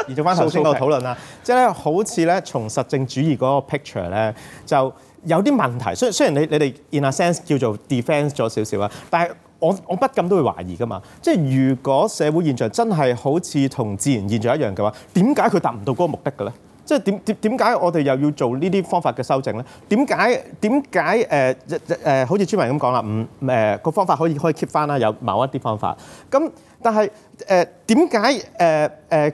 延續翻頭先個討論啦。即係咧，好似咧，從實證主義嗰個 picture 咧，就有啲問題。雖雖然你你哋 in a sense 叫做 defense 咗少少啊，但係我我不禁都會懷疑㗎嘛。即係如果社會現象真係好似同自然現象一樣嘅話，點解佢達唔到嗰個目的嘅咧？即係點點點解我哋又要做呢啲方法嘅修正咧？點解點解誒，誒、呃呃呃？好似雋文咁講啦，嗯，誒、呃，個方法可以可以 keep 翻啦，有某一啲方法。咁但係，誒、呃，點解誒，誒、呃。呃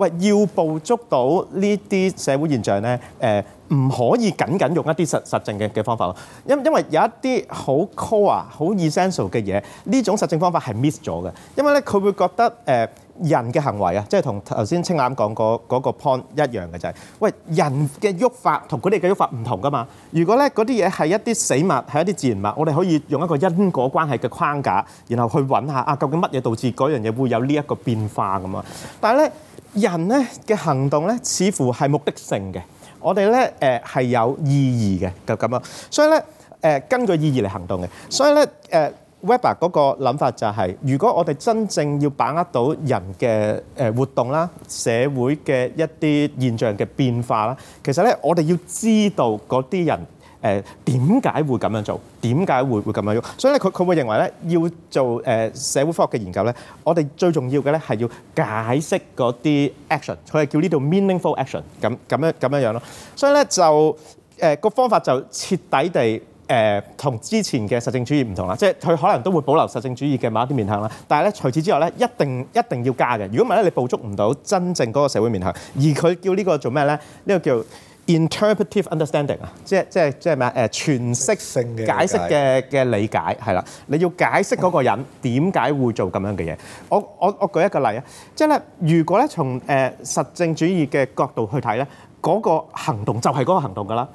喂，要捕捉到呢啲社會現象咧，誒、呃。唔可以僅僅用一啲實實，實證嘅嘅方法咯，因因為有一啲好 core 啊、好 essential 嘅嘢，呢種實證方法係 miss 咗嘅。因為咧，佢會覺得誒、呃、人嘅行為啊，即係同頭先清楠講嗰、那個 point 一樣嘅就係、是，喂人嘅喐法，的法不同佢哋嘅喐法唔同噶嘛。如果咧嗰啲嘢係一啲死物，係一啲自然物，我哋可以用一個因果關係嘅框架，然後去揾下啊，究竟乜嘢導致嗰樣嘢會有呢一個變化咁啊？但係咧，人咧嘅行動咧，似乎係目的性嘅。我哋呢誒係有意義嘅，就咁樣。所以呢誒根據意義嚟行動嘅。所以呢誒 Weber 嗰個諗法就係，如果我哋真正要把握到人嘅誒活動啦、社會嘅一啲現象嘅變化啦，其實呢我哋要知道嗰啲人。誒點解會咁樣做？點解會會咁樣喐？所以咧，佢佢會認為咧，要做誒社會科學嘅研究咧，我哋最重要嘅咧係要解釋嗰啲 action，佢係叫呢度 meaningful action，咁咁樣咁樣樣咯。所以咧就誒個方法就徹底地誒同之前嘅實證主義唔同啦，即係佢可能都會保留實證主義嘅某一啲面向啦，但係咧除此之外咧一定一定要加嘅，如果唔係咧你捕捉唔到真正嗰個社會面向，而佢叫呢個做咩咧？呢個叫。Interpretive understanding 啊，即係即係即係咩啊？誒，詮釋性嘅解釋嘅嘅理解係啦。你要解釋嗰個人點解會做咁樣嘅嘢。我我我舉一個例啊，即係咧，如果咧從誒實證主義嘅角度去睇咧，嗰個行動就係嗰個行動㗎啦。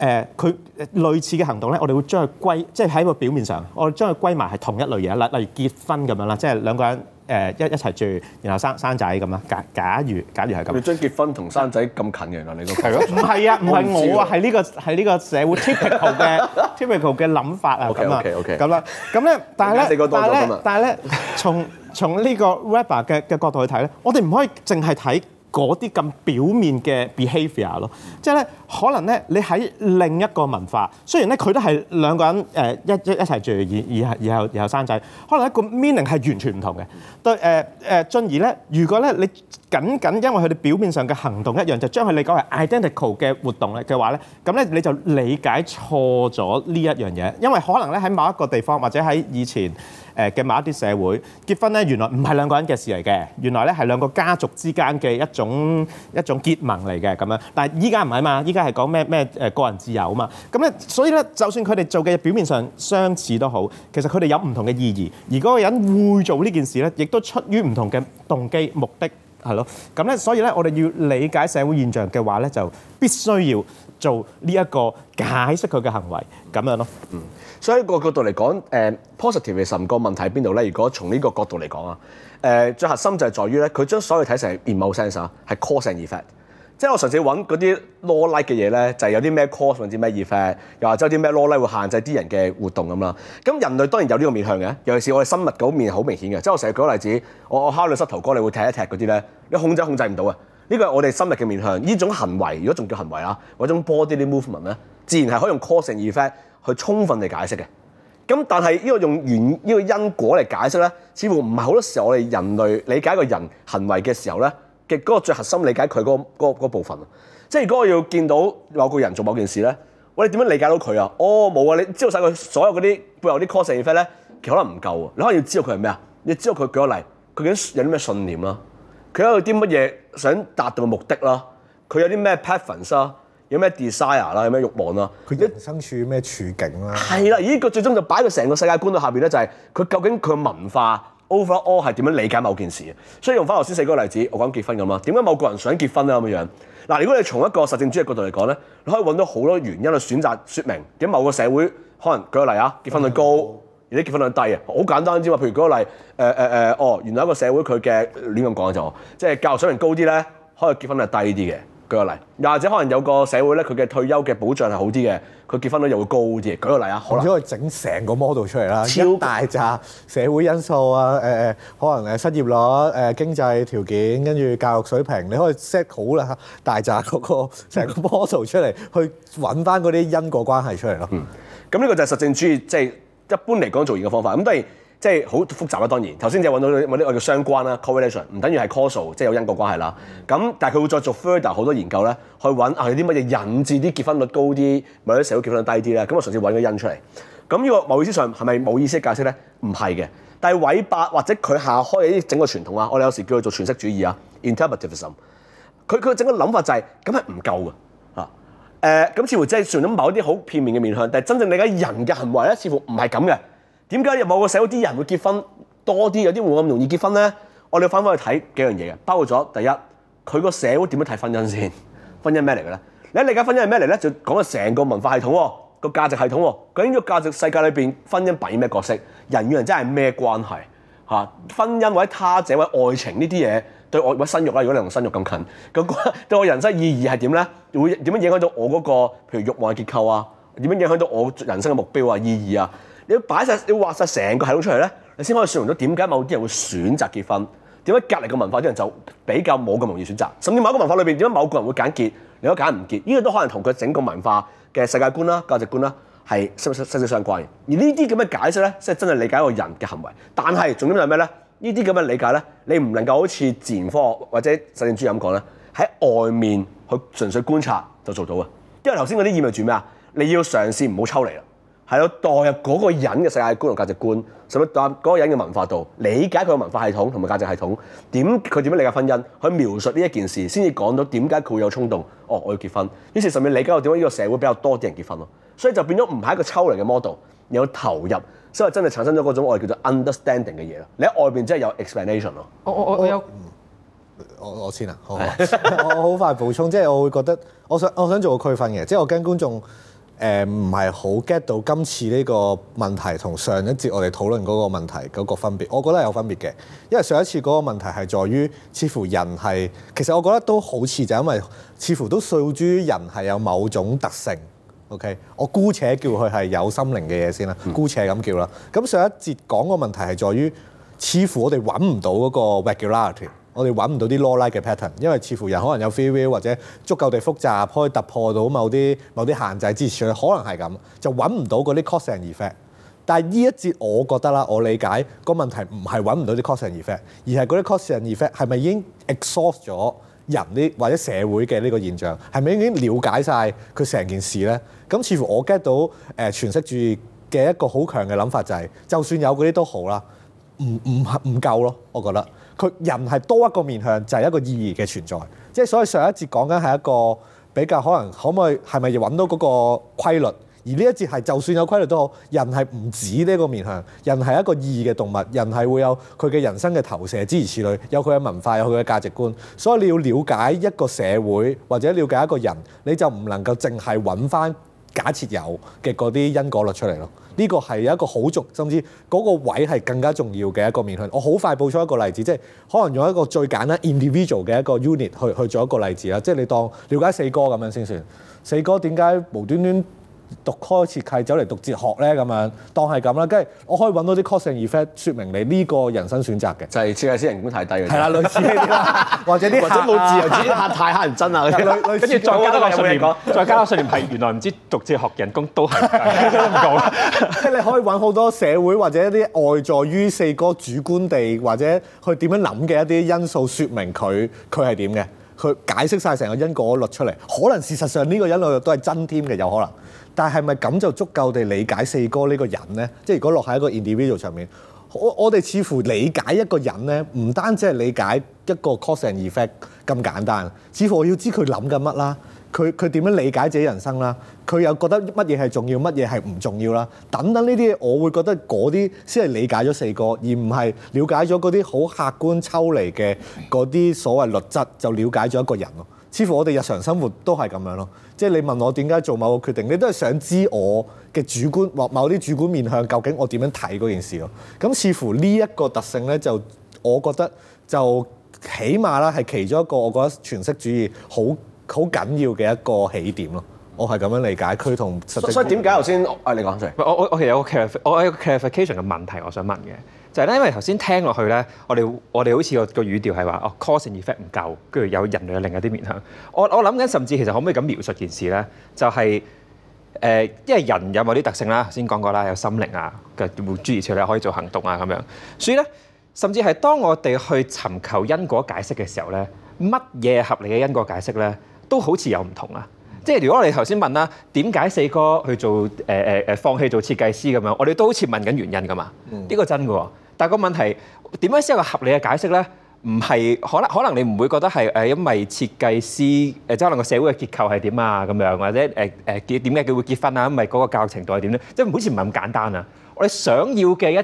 誒佢、呃、類似嘅行動咧，我哋會將佢歸，即係喺個表面上，我哋將佢歸埋係同一類嘢啦。例如結婚咁樣啦，即係兩個人誒、呃、一一齊住，然後生生仔咁啦。假假如假如係咁，你將結婚同生仔咁近嘅嘢， 原來你都係咯？唔係啊，唔係我啊，係呢、啊呢個係呢個社會 ty typical 嘅 typical 嘅諗法啊，咁啊，okay, okay , okay，咁啦，咁咧，但係咧，但係咧，從從呢個 rapper 嘅嘅角度去睇咧，我哋唔可以淨係睇。嗰啲咁表面嘅 behaviour 咯，即係咧，可能咧你喺另一個文化，雖然咧佢都係兩個人誒一一一齊住而而係而係而係生仔，可能一個 meaning 係完全唔同嘅。對誒誒進而咧，如果咧你僅僅因為佢哋表面上嘅行動一樣，就將佢哋講係 identical 嘅活動咧嘅話咧，咁咧你就理解錯咗呢一樣嘢，因為可能咧喺某一個地方或者喺以前誒嘅某一啲社會，結婚咧原來唔係兩個人嘅事嚟嘅，原來咧係兩個家族之間嘅一一種一種結盟嚟嘅咁樣，但係依家唔係嘛，依家係講咩咩誒個人自由啊嘛，咁咧所以咧，就算佢哋做嘅表面上相似都好，其實佢哋有唔同嘅意義，而嗰個人會做呢件事咧，亦都出於唔同嘅動機目的係咯，咁咧所以咧，我哋要理解社會現象嘅話咧，就必須要做呢一個解釋佢嘅行為咁樣咯。嗯，所以個角度嚟講，誒 positive 嘅十個問題喺邊度咧？如果從呢個角度嚟講啊？誒最核心就係在於咧，佢將所有睇成 emotion 啊，係 cause and effect。即係我上次揾嗰啲 law like 嘅嘢咧，就係、是、有啲咩 cause 或者咩 effect，又或者有啲咩 law like 會限制啲人嘅活動咁啦。咁人類當然有呢個面向嘅，尤其是我哋生物嗰面好明顯嘅。即係我成日舉個例子，我我考慮膝頭哥你會踢一踢嗰啲咧，你控制控制唔到啊。呢、這個係我哋生物嘅面向，呢種行為如果仲叫行為啊，嗰種 body 啲 movement 咧，自然係可以用 cause and effect 去充分地解釋嘅。咁但係呢個用原呢、呢個因果嚟解釋咧，似乎唔係好多時候我哋人類理解個人行為嘅時候咧嘅嗰個最核心理解佢、嗰嗰、嗰嗰、部分啊，即係如果我要見到某個人做某件事咧，我哋點樣理解到佢啊？哦，冇啊！你知道晒佢所有嗰啲背後啲 cause and effect 咧，其實可能唔夠啊！你可能要知道佢係咩啊？你知道佢舉個例，佢究竟有啲咩信念呀？佢有啲乜嘢想達到嘅目的啦？佢有啲咩 preferences 啊？有咩 desire 啦，有咩欲望啦，佢一生處於咩處境啦、啊？係啦，而呢個最終就擺到成個世界觀度下邊咧，就係佢究竟佢文化 over all 係點樣理解某件事？所以用翻頭先寫個例子，我講結婚咁啦。點解某個人想結婚咧？咁樣樣嗱，如果你從一個實證主義角度嚟講咧，你可以揾到好多原因去選擇説明。點解某個社會可能舉個例啊，結婚率高，嗯、而啲結婚率低啊，好簡單之嘛。譬如舉個例，誒誒誒，哦，原來一個社會佢嘅亂咁講就，即係教育水平高啲咧，可以結婚率低啲嘅。舉個例，又或者可能有個社會咧，佢嘅退休嘅保障係好啲嘅，佢結婚率又會高啲。舉個例啊，可能可以整成個 model 出嚟啦，超大紮社會因素啊，誒、呃、誒，可能誒失業率、誒、呃、經濟條件，跟住教育水平，你可以 set 好啦，大扎嗰成個 model 出嚟，去揾翻嗰啲因果關係出嚟咯。嗯，咁呢個就係實證主義，即係一般嚟講做嘢嘅方法。咁當然。即係好複雜啦，當然頭先就揾到啲，冇我叫相關啦，correlation 唔等於係 causal，即係有因果關係啦。咁但係佢會再做 further 好多研究咧，去揾啊啲乜嘢引致啲結婚率高啲，或者社會結婚率低啲咧。咁我嘗試揾個因出嚟。咁呢個某意思上係咪冇意識解釋咧？唔係嘅。但係韋伯或者佢下開啲整個傳統傳 ism，個、就是、啊，我哋有時叫佢做詮釋主義啊，interpretivism。佢佢整個諗法就係咁係唔夠嘅嚇。誒咁似乎即係純咗某一啲好片面嘅面向，但係真正理解人嘅行為咧，似乎唔係咁嘅。點解有某個社會啲人會結婚多啲，有啲冇咁容易結婚咧？我哋翻返去睇幾樣嘢嘅，包括咗第一，佢個社會點樣睇婚姻先？婚姻咩嚟嘅咧？你理解婚姻係咩嚟咧？就講咗成個文化系統，個價值系統，究竟個價值世界裏邊，婚姻扮演咩角色？人與人真係咩關係？嚇，婚姻或者他者或者愛情呢啲嘢，對我或者生育咧，如果你同生育咁近，個對我人生意義係點咧？會點樣影響到我嗰、嗰個，譬如慾望嘅結構啊，點樣影響到我人生嘅目標啊、意義啊？你擺曬，你要畫晒成個系統出嚟咧，你先可以説明到點解某啲人會選擇結婚，點解隔離個文化啲人就比較冇咁容易選擇，甚至某一個文化裏邊點解某個人會揀結，你都個揀唔結，呢、這個都可能同佢整個文化嘅世界觀啦、價值觀啦係息息息息相關的。而呢啲咁嘅解釋咧，先係真正理解一個人嘅行為。但係重點係咩咧？呢啲咁嘅理解咧，你唔能夠好似自然科學或者實證主義咁講啦，喺外面去純粹觀察就做到啊！因為頭先嗰啲意味住咩啊？你要嘗試唔好抽離啦。係咯，代入嗰個人嘅世界觀同價值觀，甚至代入嗰個人嘅文化度，理解佢嘅文化系統同埋價值系統，點佢點樣理解婚姻？去描述呢一件事，先至講到點解佢會有衝動。哦，我要結婚。於是甚至理解到點解呢個社會比較多啲人結婚咯。所以就變咗唔係一個抽離嘅 model，有投入，所以真係產生咗嗰種我哋叫做 understanding 嘅嘢咯。你喺外邊真係有 explanation 咯。我我我有， 我我先啊好好，我好快補充，即係我會覺得，我想我想做個區分嘅，即係我驚觀眾。誒唔係好 get 到今次呢個問題同上一節我哋討論嗰個問題嗰個分別，我覺得有分別嘅，因為上一次嗰個問題係在於似乎人係其實我覺得都好似就因為似乎都訴諸於人係有某種特性。OK，我姑且叫佢係有心靈嘅嘢先啦，嗯、姑且咁叫啦。咁上一節講個問題係在於似乎我哋揾唔到嗰個 regularity。我哋揾唔到啲 law-like 嘅 pattern，因為似乎人可能有 free will 或者足夠地複雜，可以突破到某啲某啲限制之處。可能係咁，就揾唔到嗰啲 cause and effect。但係呢一節我覺得啦，我理解，我理解，個問題唔係揾唔到啲 cause and effect，而係嗰啲 cause and effect 係咪已經 exhaust 咗人啲或者社會嘅呢個現象？係咪已經了解晒佢成件事咧？咁似乎我 get 到誒、呃、詮釋主義嘅一個好強嘅諗法就係、是，就算有嗰啲都好啦，唔唔唔夠咯，我覺得。佢人係多一個面向，就係一個意義嘅存在。即係所以上一節講緊，係一個比較可能，可唔可以係咪揾到嗰個規律？而呢一節係就算有規律都好，人係唔止呢個面向，人係一個意義嘅動物，人係會有佢嘅人生嘅投射之類，有佢嘅文化，有佢嘅價值觀，所以你要了解一個社會或者了解一個人，你就唔能夠淨係揾翻。假設有嘅嗰啲因果律出嚟咯，呢個係有一個好重，甚至嗰個位係更加重要嘅一個面向。我好快報出一個例子，即係可能用一個最簡單 individual 嘅一個 unit 去去做一個例子啦。即係你當了解四哥咁樣先算，四哥點解無端端，讀科設計走嚟讀哲學咧，咁樣當係咁啦。跟住我可以揾到啲 cause and effect，説明你呢個人生選擇嘅就係設計師人工太低嘅，係啦，類似呢啲，或者啲或者冇自由，主義太乞人憎啊，跟住再加多個十年，有有再加多十年，係 原來唔知道讀哲學人工都係咁，唔講 即係你可以揾好多社會或者一啲外在於四哥主觀地或者佢點樣諗嘅一啲因素，説明佢佢係點嘅。佢解釋晒成個因果律出嚟，可能事實上呢個因果律都係真添嘅，有可能。但係咪咁就足夠地理解四哥呢個人呢？即係如果落喺一個 individual 上面，我我哋似乎理解一個人呢，唔單止係理解一個 cause and effect 咁簡單，似乎我要知佢諗緊乜啦，佢佢點樣理解自己人生啦，佢又覺得乜嘢係重要，乜嘢係唔重要啦，等等呢啲，我會覺得嗰啲先係理解咗四哥，而唔係了解咗嗰啲好客觀抽離嘅嗰啲所謂律則就了解咗一個人咯。似乎我哋日常生活都係咁樣咯。即係你問我點解做某個決定，你都係想知我嘅主觀或某啲主觀面向究竟我點樣睇嗰件事咯。咁似乎呢一個特性咧，就我覺得就起碼啦，係其中一個我覺得詮釋主義好好緊要嘅一個起點咯。我係咁樣理解，佢同實所以點解頭先？誒，你講先。我我我其實有一個 clarification 嘅問題，我想問嘅。就係咧，因為頭先聽落去咧，我哋我哋好似個個語調係話哦，cause and effect 唔夠，跟住有人類嘅有另一啲面向。我我諗緊，甚至其實可唔可以咁描述件事咧？就係、是、誒、呃，因為人有某啲特性啦，頭先講過啦，有心靈啊，跟住會注意，所以你可以做行動啊咁樣。所以咧，甚至係當我哋去尋求因果解釋嘅時候咧，乜嘢合理嘅因果解釋咧，都好似有唔同啊！即係如果我哋頭先問啦，點解四哥去做、呃、放棄做設計師咁樣？我哋都好似問緊原因㗎嘛，呢個真㗎。但係個問題點樣先有個合理嘅解釋咧？唔係可能可能你唔會覺得係、呃、因為設計師即、呃、可能個社會嘅結構係點啊咁樣，或者誒誒結點解佢會結婚啊？因為嗰個教育程度係點咧？即係好似唔係咁簡單啊！我哋想要嘅一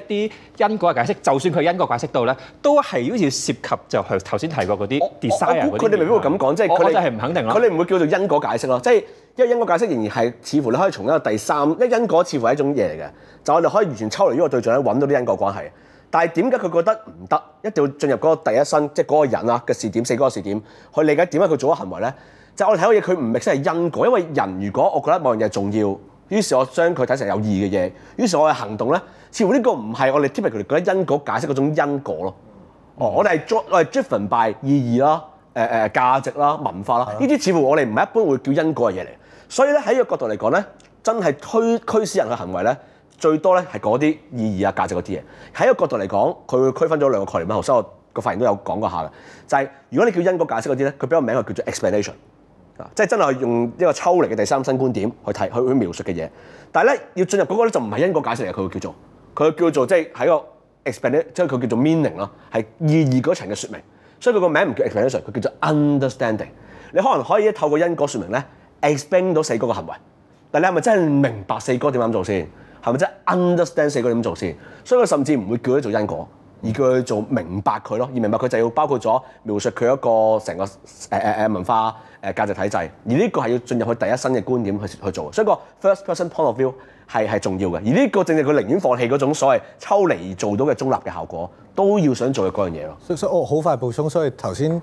啲因果嘅解釋，就算佢因果解釋到咧，都係好似涉及就係頭先提過嗰啲 design 佢哋些未必會咁講，我即係佢哋係唔肯定咯。佢哋唔會叫做因果解釋咯，即係因為因果解釋仍然係似乎你可以從一個第三，一因果似乎係一種嘢嚟嘅，就我哋可以完全抽離呢個對象咧，揾到啲因果關係。但係點解佢覺得唔得？一定要進入嗰個第一身，即係嗰個人啊嘅視點，四個視點去理解點解佢做咗行為咧？就我哋睇到嘢，佢唔認識係因果，因為人如果我覺得某樣嘢係重要。於是，我將佢睇成有意義嘅嘢。於是，我嘅行動咧，似乎呢個唔係我哋 typically 覺得因果解釋嗰種因果咯。哦，oh. 我哋係我 driven by 意義啦，誒、呃、價、呃、值啦、文化啦，呢啲似乎我哋唔係一般會叫因果嘅嘢嚟。所以咧，喺呢個角度嚟講咧，真係推驅使人嘅行為咧，最多咧係嗰啲意義啊、價值嗰啲嘢。喺一個角度嚟講，佢會區分咗兩個概念啦。頭先我個發言都有講過下嘅，就係、是、如果你叫因果解釋嗰啲咧，佢俾個名叫做 explanation。即係真係用一個抽離嘅第三身觀點去睇去去描述嘅嘢，但係咧要進入嗰個咧就唔係因果解釋嚟，佢會叫做佢叫做即係喺個 explain 即係佢叫做 meaning 咯，係意義嗰層嘅說明。所以佢個名唔叫 explanation 佢叫做 understanding。你可能可以透過因果說明咧 explain 到四哥嘅行為，但係你係咪真係明白四哥點樣做先？係咪真係 understand 四哥點做先？所以佢甚至唔會叫做因果。而佢做明白佢咯，而明白佢就要包括咗描述佢一個成個文化誒價值體制，而呢個係要進入佢第一身嘅觀點去去做，所以個 first person point of view 係係重要嘅，而呢個正正佢寧願放棄嗰種所謂抽離而做到嘅中立嘅效果，都要想做嘅嗰樣嘢咯。所以我哦、好快補充，所以頭先。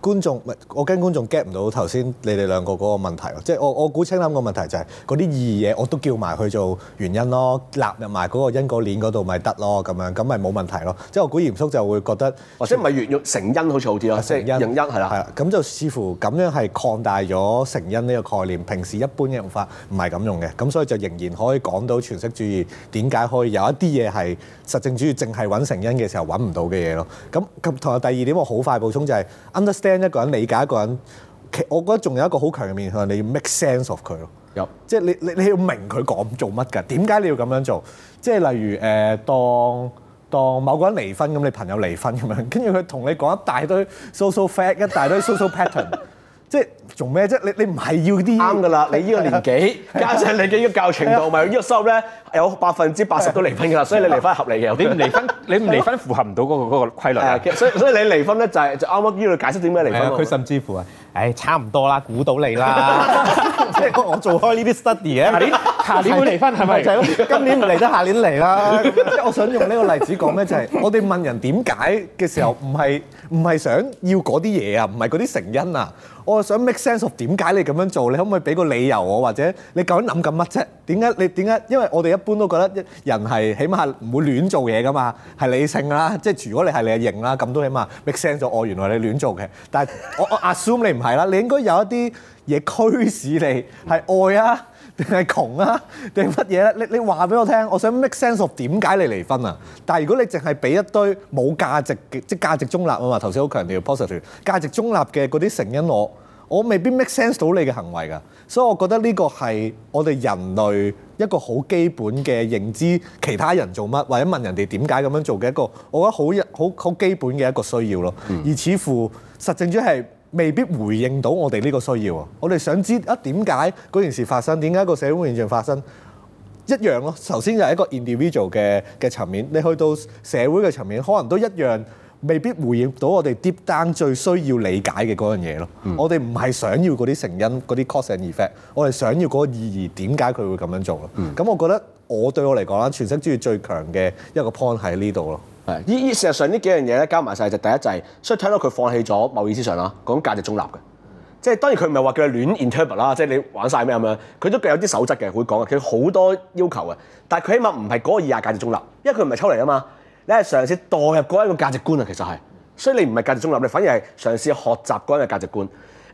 觀眾唔係，我驚觀眾 get 唔到頭先你哋兩個嗰個問題咯，即係我我估清楠，個問題就係嗰啲意義嘢我都叫埋去做原因咯，納入埋嗰個因果鏈嗰度咪得咯，咁樣咁咪冇問題咯。即係我估嚴叔就會覺得，或者唔係粵語成因好似好啲啊，即係成因係啦，係啊，咁就似乎咁樣係擴大咗成因呢個概念。平時一般嘅用法唔係咁用嘅，咁所以就仍然可以講到詮釋主義點解可以有一啲嘢係實證主義淨係揾成因嘅時候揾唔到嘅嘢咯。咁同埋第二點我好快補充就係 understand。聽一個人理解一個人，其我覺得仲有一個好強嘅面向，你要 make sense of 佢咯，即係你你你要明佢講做乜㗎，點解你要咁樣做？即係例如誒，當當某個人離婚咁，你朋友離婚咁樣，跟住佢同你講一大堆 social fact，一大堆 social pattern，即係。做咩啫？你你唔係要啲啱噶啦？你依個年紀，加上你嘅依個教育程度，咪依個收入咧，有百分之八十都離婚噶啦，所以你離婚係合理嘅。有啲唔離婚，你唔離婚符合唔到嗰個嗰個規律啊。所以所以你離婚咧就就啱啱依個解釋點解離婚。佢甚至乎啊，唉，差唔多啦，估到你啦。即係我做開呢啲 study 啊，下年下年會離婚係咪？就係咯，今年唔離得，下年嚟啦。即係我想用呢個例子講咧，就係我哋問人點解嘅時候，唔係唔係想要嗰啲嘢啊，唔係嗰啲成因啊，我係想 mix sense of 點解你咁樣做？你可唔可以俾個理由我，或者你究竟諗緊乜啫？點解你點解？因為我哋一般都覺得人係起碼唔會亂做嘢噶嘛，係理性啦。即係如果你係你係型啦，咁都起碼 make sense 咗。我原來你亂做嘅，但係我我 assume 你唔係啦。你應該有一啲嘢驅使你係愛啊，定係窮啊，定係乜嘢咧？你你話俾我聽，我想 make sense of 點解你離婚啊？但係如果你淨係俾一堆冇價值嘅，即係價值中立啊嘛。頭先好強調 positive 價值中立嘅嗰啲成因我。我未必 make sense 到你嘅行為㗎，所以我覺得呢個係我哋人類一個好基本嘅認知其他人做乜，或者問人哋點解咁樣做嘅一個我覺得好一好好基本嘅一個需要咯。嗯、而似乎實證主義係未必回應到我哋呢個需要。我哋想知啊，點解嗰件事發生，點解個社會現象發生一樣咯。頭先就係一個 individual 嘅嘅層面，你去到社會嘅層面，可能都一樣。未必回應到我哋 deep down 最需要理解嘅嗰樣嘢咯。我哋唔係想要嗰啲成因、嗰啲 cause and effect，我哋想要嗰個意義，點解佢會咁樣做咯？咁我覺得我對我嚟講啦，詮釋主義最強嘅一個 point 喺呢度咯。係，依依事實上呢幾樣嘢咧，加埋晒，就第一就係、是，所以睇到佢放棄咗某意思上啦，講價值中立嘅，即係當然佢唔係話叫亂 interpret 啦，即係你玩晒咩咁樣，佢都有啲守則嘅，會講嘅，佢好多要求嘅，但係佢起碼唔係嗰個二亞價值中立，因為佢唔係抽離啊嘛。你係嘗試代入嗰一個的價值觀啊，其實係，所以你唔係價值中立，你反而係嘗試學習嗰個的價值觀。誒、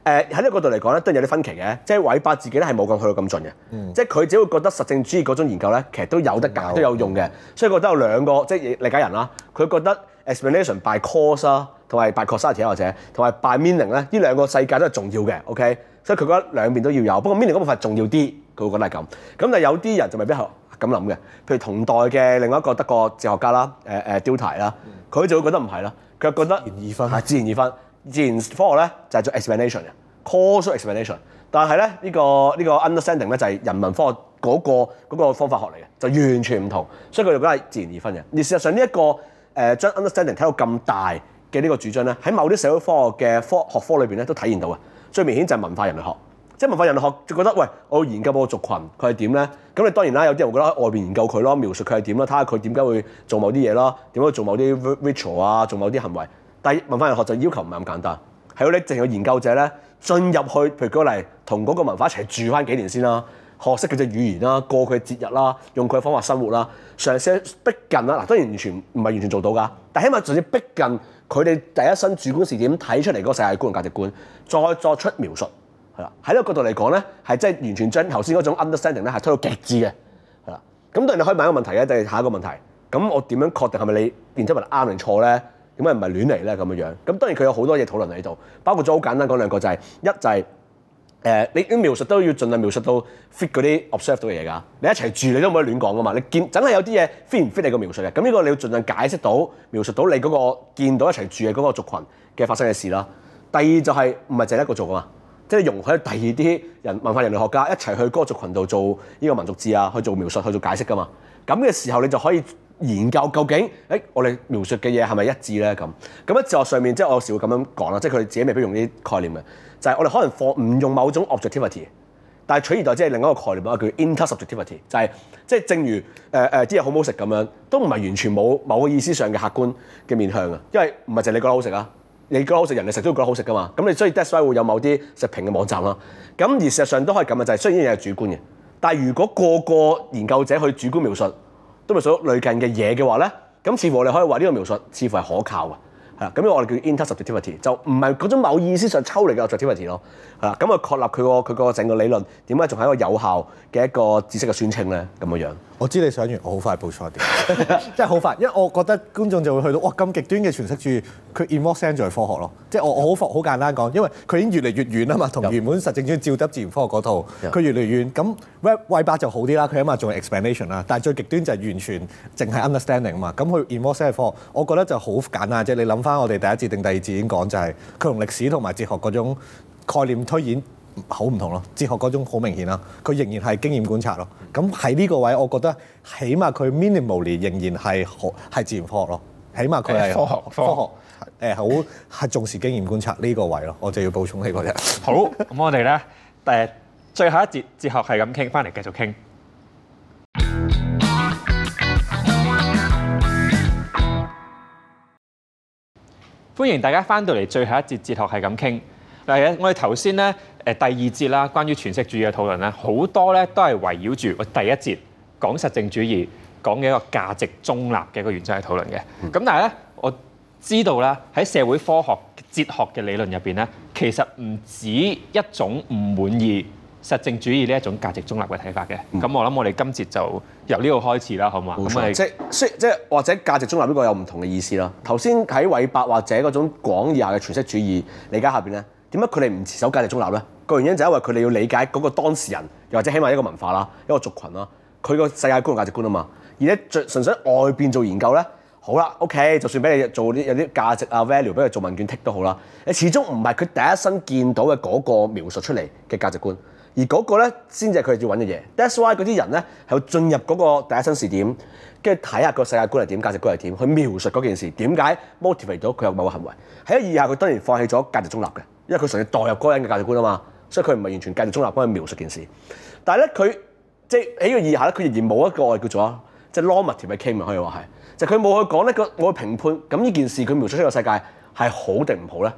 呃，喺呢個角度嚟講咧，都有啲分歧嘅。即係韋伯自己咧係冇咁去到咁盡嘅，嗯、即係佢只會覺得實證主義嗰種研究咧，其實都有得搞，嗯、都有用嘅，所以覺得有兩個即係理解人啦，佢覺得 explanation by cause 啊，同埋 by causality 或者同埋 by meaning 咧，呢兩個世界都係重要嘅。OK，所以佢覺得兩邊都要有，不過 meaning 嗰部分重要啲。佢會覺得係咁，咁但係有啲人就未必係咁諗嘅，譬如同代嘅另外一個德國哲學家啦，誒誒，Dilthey 啦，佢就會覺得唔係啦，佢覺得自然二分係自然二分，分，自然科學咧就係、是、做 explanation 嘅，causal explanation，但係咧呢、這個呢、這個 understanding 咧就係人文科學嗰、那個那個方法學嚟嘅，就完全唔同，所以佢哋覺得係自然二分嘅。而事實上呢、這、一個誒將、呃、understanding 睇到咁大嘅呢個主張咧，喺某啲社會科學嘅科學科裏邊咧都體現到嘅，最明顯就係文化人類學。即係文化人類學就覺得喂，我要研究嗰個族群佢係點咧？咁你當然啦，有啲人會覺得喺外邊研究佢咯，描述佢係點啦，睇下佢點解會做某啲嘢咯，點解做某啲 ritual 啊，做某啲行為。但係文化人類學就要求唔係咁簡單，係你淨係個研究者咧進入去，譬如舉例同嗰個文化一齊住翻幾年先啦，學識佢隻語言啦，過佢嘅節日啦，用佢嘅方法生活啦，嘗試逼近啦。嗱，當然完全唔係完全做到㗎，但起碼就要逼近佢哋第一身主觀視點睇出嚟嗰個世界的觀價值觀，再作出描述。係啦，喺呢個角度嚟講咧，係真係完全將頭先嗰種 understanding 咧，係推到極致嘅。係啦，咁當然你可以問一個問題咧，就係下一個問題。咁我點樣確定係咪你研究物啱定錯咧？點解唔係亂嚟咧？咁樣樣。咁當然佢有好多嘢討論喺度，包括咗好簡單講兩個、就是，就係一就係、是、誒、呃，你啲描述都要盡量描述到 fit 嗰啲 observe 到嘅嘢㗎。你一齊住，你都唔可以亂講㗎嘛。你見梗係有啲嘢 fit 唔 fit 你個描述嘅，咁呢個你要盡量解釋到描述到你嗰個見到一齊住嘅嗰個族群嘅發生嘅事啦。第二就係唔係淨係一個做㗎嘛。即係容許第二啲人，文化人類學家一齊去嗰族群度做呢個民族志啊，去做描述，去做解釋㗎嘛。咁嘅時候，你就可以研究究竟，誒我哋描述嘅嘢係咪一致咧？咁咁喺哲學上面，即係我有時會咁樣講啦。即係佢哋自己未必用呢啲概念嘅，就係、是、我哋可能放唔用某種 objectivity，但係取而代之係另一個概念，我叫 intersubjectivity，就係、是、即係正如誒誒啲嘢好唔好食咁樣，都唔係完全冇某個意思上嘅客觀嘅面向啊，因為唔係淨係你覺得好食啊。你覺得好食，人哋食都覺得好食噶嘛？咁你所以 describe 會有某啲食評嘅網站啦。咁而事實上都可以咁嘅，就係雖然嘢係主觀嘅，但係如果個個研究者去主觀描述，都係屬於類近嘅嘢嘅話咧，咁似乎我哋可以話呢個描述似乎係可靠嘅，係啦。咁我哋叫 intersubjectivity 就唔係嗰種某意思上抽離嘅 subjectivity 咯，係啦。咁啊確立佢個佢個整個理論點解仲係一個有效嘅一個知識嘅宣稱咧？咁嘅樣，我知道你想完，我好快補錯啲，即係好快，因為我覺得觀眾就會去到哇咁極端嘅詮釋主義。佢 in what sense 就係科學咯，即係我我好好簡單講，因為佢已經越嚟越遠啊嘛，同原本實證主義照得自然科學嗰套，佢 Yeah. 越嚟越遠。咁 Web 魏就好啲啦，佢起碼仲係 explanation 啦，但係最極端就係完全淨係 understanding 啊嘛 Yeah。咁佢 in what sense 係科學，我覺得就好簡單啫。你諗翻我哋第一節定第二節已經講就係佢同歷史同埋哲學嗰種概念推演好唔同咯。哲學嗰種好明顯啦，佢仍然係經驗觀察咯。咁喺呢個位，我覺得起碼佢 minimally 仍然係係自然科學咯。起碼佢係科學，科學。科學誒好係重視經驗觀察呢個位咯，我就要補充呢個啫。好，咁我哋咧，誒最後一節哲學係咁傾，翻嚟繼續傾。 歡迎大家翻到嚟最後一節哲學係咁傾。嗱，我哋頭先咧第二節啦，關於詮釋主義嘅討論咧，好多咧都係圍繞住我第一節講實證主義講嘅一個價值中立嘅一個原則去討論嘅。咁、嗯、但係咧我。知道啦，喺社會科學、哲學嘅理論入邊咧，其實唔止一種唔滿意實證主義呢一種價值中立嘅睇法嘅。咁、嗯、我諗我哋今節就由呢度開始啦，好唔好啊？冇錯錯就，即即或者價值中立呢個有唔同嘅意思啦。頭先喺韋伯或者嗰種廣義下嘅詮釋主義理解下邊咧，點解佢哋唔持守價值中立咧？個原因就係因為佢哋要理解嗰個當事人，又或者起碼一個文化啦，一個族群啦，佢個世界觀、價值觀啊嘛。而且純粹外邊做研究咧。好啦，OK，就算俾你做啲有啲價值啊 value，俾佢做問卷剔都好啦。你始終唔係佢第一身見到嘅嗰個描述出嚟嘅價值觀，而嗰個咧先至係佢要揾嘅嘢。That's why 嗰啲人咧係要進入嗰個第一身視點，跟住睇下個世界觀係點，價值觀係點，去描述嗰件事點解 motivate 到佢有某個行為。喺個意義下佢當然放棄咗價值中立嘅，因為佢純粹代入個人嘅價值觀啊嘛，所以佢唔係完全價值中立幫佢描述件事。但係咧佢即係喺個意義下咧，佢仍然冇一個叫做啊即係 normative 傾嘅可以話係。就佢冇去講呢個去我評判，咁呢件事佢描述出個世界係好定唔好咧？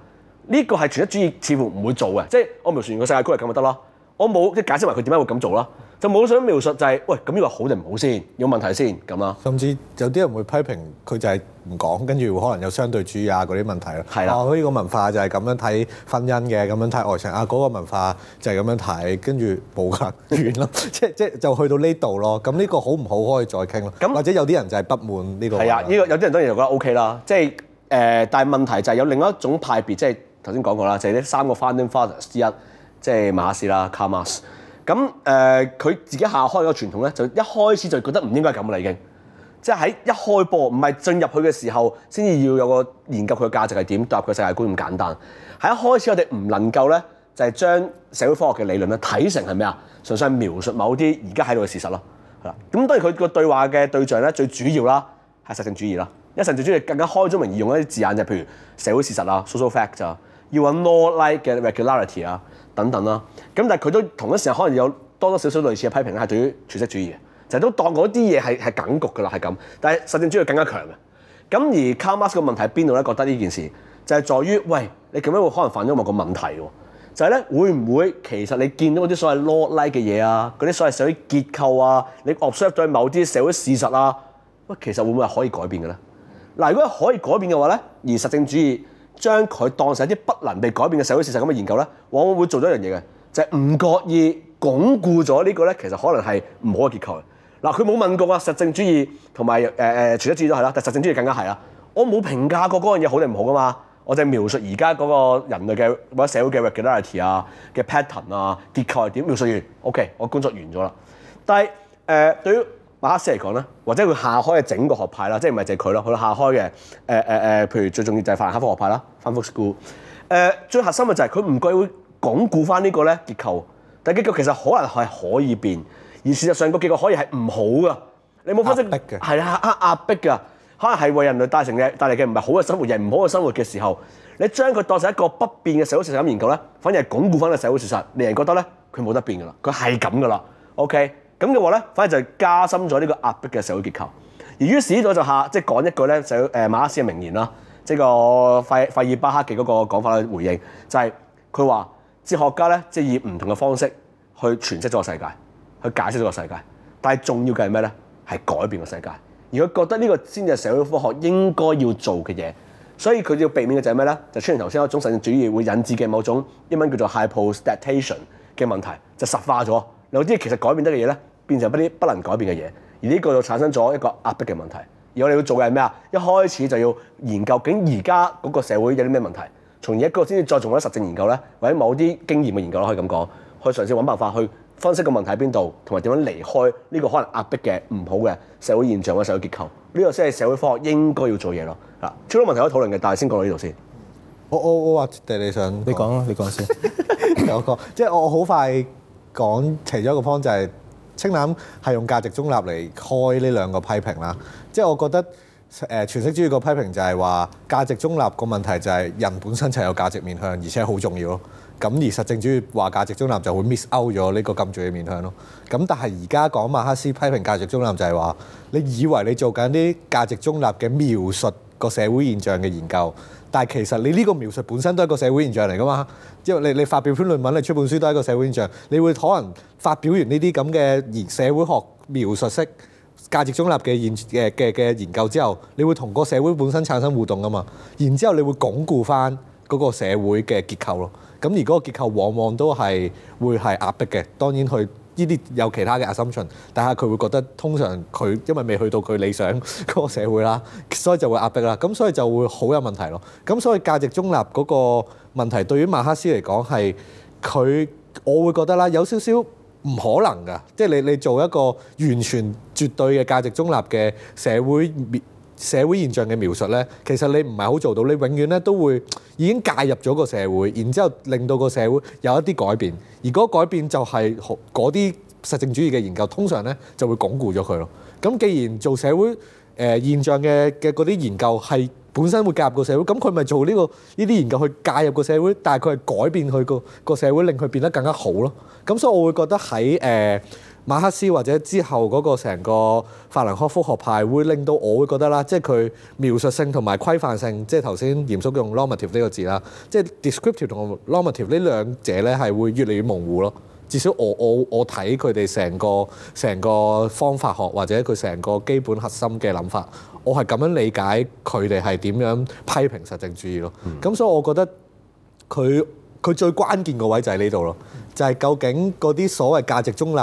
呢個係詮釋主義似乎唔會做嘅，即係我描述完個世界佢咁咪得咯，我冇即係解釋埋佢點解會咁做啦。就冇想描述就係、是，喂，咁呢個好定唔好先？要有問題先咁咯。甚至有啲人會批評佢就係唔講，跟住可能有相對主義啊嗰啲問題啦。係啦的。哦、啊，呢、這個文化就係咁樣睇婚姻嘅，咁樣睇愛情啊。嗰、那個文化就係咁樣睇，跟住冇限遠咯。即係即係就去到呢度咯。咁呢個好唔好可以再傾咯。那或者有啲人就係不滿呢個。係啊，呢、這個有啲人當然就覺得 O K 啦。即係誒，但係問題就係有另一種派別，即係頭先講過啦，就係、是、呢三個 founding fathers 之一，即、就、係、是、馬斯啦，卡馬斯。咁誒，佢、呃、自己下開個傳統咧，就一開始就覺得唔應該咁啦已經，即係喺一開播，唔係進入去嘅時候，先至要有個研究佢嘅價值係點，代入佢世界觀咁簡單。喺一開始我哋唔能夠咧，就係、是、將社會科學嘅理論咧睇成係咩啊？純粹係描述某啲而家喺度嘅事實咯。係啦，咁當然佢個對話嘅對象咧，最主要啦係實證主義啦。一實證主義更加開宗明義用一啲字眼就係、譬如社會事實啦 （social fact），要揾 law-like 嘅 regularity 啊。等等啦，咁但係佢都同一時候可能有多多少少類似嘅批評咧，係對於全色主義，就係、是、都當嗰啲嘢係係梗局㗎啦，係咁。但係實證主義更加強嘅。咁而 Karl Marx 個問題喺邊度咧？覺得呢件事就係在於，喂，你咁樣會可能會犯咗某個問題喎？就係咧，會唔會其實你見到嗰啲所謂 law-like 嘅嘢啊，嗰啲所謂社會結構啊，你 observe 咗某啲社會事實啊，喂，其實會唔會係可以改變嘅咧？嗱，如果可以改變嘅話咧，而實證主義，將佢當成一啲不能被改變嘅社會事實咁嘅研究咧，往往會做咗一樣嘢嘅，就係唔覺意鞏固咗呢個咧，其實可能係唔好嘅結構嗱，佢冇問過啊，實證主義同埋誒誒，詮、呃、釋主義都係啦，但係實證主義更加係啦。我冇評價過嗰樣嘢好定唔好噶嘛，我就係描述而家嗰個人類嘅或者社會嘅 regularity 啊嘅 pattern 啊結構係點描述完，OK，我工作完咗啦。但係誒、呃、對於馬克思嚟講咧，或者佢下開嘅整個學派啦，即係唔係淨係佢咯？佢下開嘅誒誒誒，譬如最重要就係法蘭克福學派啦，Frankfurt School。誒 Yeah.、呃、最核心嘅就係佢唔計會鞏固翻呢個咧結構，但係結構其實可能係可以變，而事實上個結構可以係唔好噶。你冇分析力係啊壓迫噶，可能係為人類帶成嘅帶嚟嘅唔係好嘅生活，而唔好嘅生活嘅時候，你將佢當成一個不變嘅社會事實咁研究咧，反而係鞏固翻個社會事實，令人覺得咧佢冇得變噶啦，佢係咁噶啦。OK。咁嘅話咧，反而就係加深咗呢個壓迫嘅社會結構。而於是咗就下，即係講一句咧，就誒馬克思嘅名言啦，即係個費費爾巴哈嘅嗰個講法去回應，就係佢話哲學家咧，即係以唔同嘅方式去詮釋咗個世界，去解釋咗個世界。但係重要嘅係咩咧？係改變個世界。而佢覺得呢個先至係社會科學應該要做嘅嘢。所以佢要避免嘅就係咩咧？就出現頭先一種實證主義會引致嘅某種英文叫做 hypostatation 嘅問題，就實化咗。有啲其實改變得嘅嘢咧，變成一啲不能改變嘅嘢，而呢個就產生咗一個壓迫嘅問題。而我哋要做嘅係咩啊？一開始就要研究究竟而家嗰個社會有啲咩問題，從而嗰個先至再做一啲實證研究咧，或者某啲經驗嘅研究啦，可以咁講，去以嘗試揾辦法去分析個問題喺邊度，同埋點樣離開呢個可能壓迫嘅唔好嘅社會現象或者社會結構。呢、呢個先係社會科學應該要做嘢咯。嗱，超多問題可以討論嘅，但係先講到呢度先。我我我話定你想你講啦，你講先。 我講，即係我好快講，其中一個方就係、係。清楠係用價值中立嚟開呢兩個批評啦，即係我覺得誒、呃、詮釋主義個批評就係話價值中立個問題就係人本身就有價值面向，而且好重要咯。咁而實證主義話價值中立就會 miss out 咗呢個咁重要嘅面向咯。咁但係而家講馬克思批評價值中立就係話，你以為你做緊啲價值中立嘅描述個社會現象嘅研究。但係其實你呢個描述本身都係一個社會現象嚟噶嘛，即係你你發表篇論文、你出本書都係一個社會現象。你會可能發表完呢啲咁嘅社會學描述式價值中立嘅研嘅嘅嘅研究之後，你會同個社會本身產生互動噶嘛。然之後你會鞏固翻嗰個社會嘅結構咯。咁而嗰個結構往往都係會係壓迫嘅。當然去。呢啲有其他嘅 assumption，但係佢會覺得通常佢因為未去到佢理想嗰個社會啦，所以就會壓迫啦，咁所以就會好有問題咯。咁所以價值中立嗰個問題對於馬克思嚟講係佢，我會覺得啦，有少少唔可能㗎，即係你你做一個完全絕對嘅價值中立嘅社會。社會現象嘅描述呢，其實你唔係好做到，你永遠呢都會已經介入咗個社會，然之後令到個社會有一啲改變，而嗰改變就係嗰啲實證主義嘅研究，通常呢就會鞏固咗佢咯。咁既然做社會誒、呃、現象嘅嘅嗰啲研究係本身會介入個社會，咁佢咪做呢、呢個呢啲研究去介入個社會，但係佢係改變佢個個社會，令佢變得更加好咯。咁所以我會覺得喺誒。呃馬克思或者之後嗰個成個法蘭克福學派會令到我會覺得啦，即係佢描述性同埋規範性，即係頭先鹽叔用 normative 呢個字啦，即係 descriptive 同 normative 呢兩者咧係會越嚟越模糊咯。至少我我我睇佢哋成個成個方法學或者佢成個基本核心嘅諗法，我係咁樣理解佢哋係點樣批評實證主義咯。咁所以我覺得佢佢最關鍵個位就喺呢度咯，就係究竟嗰啲所謂價值中立。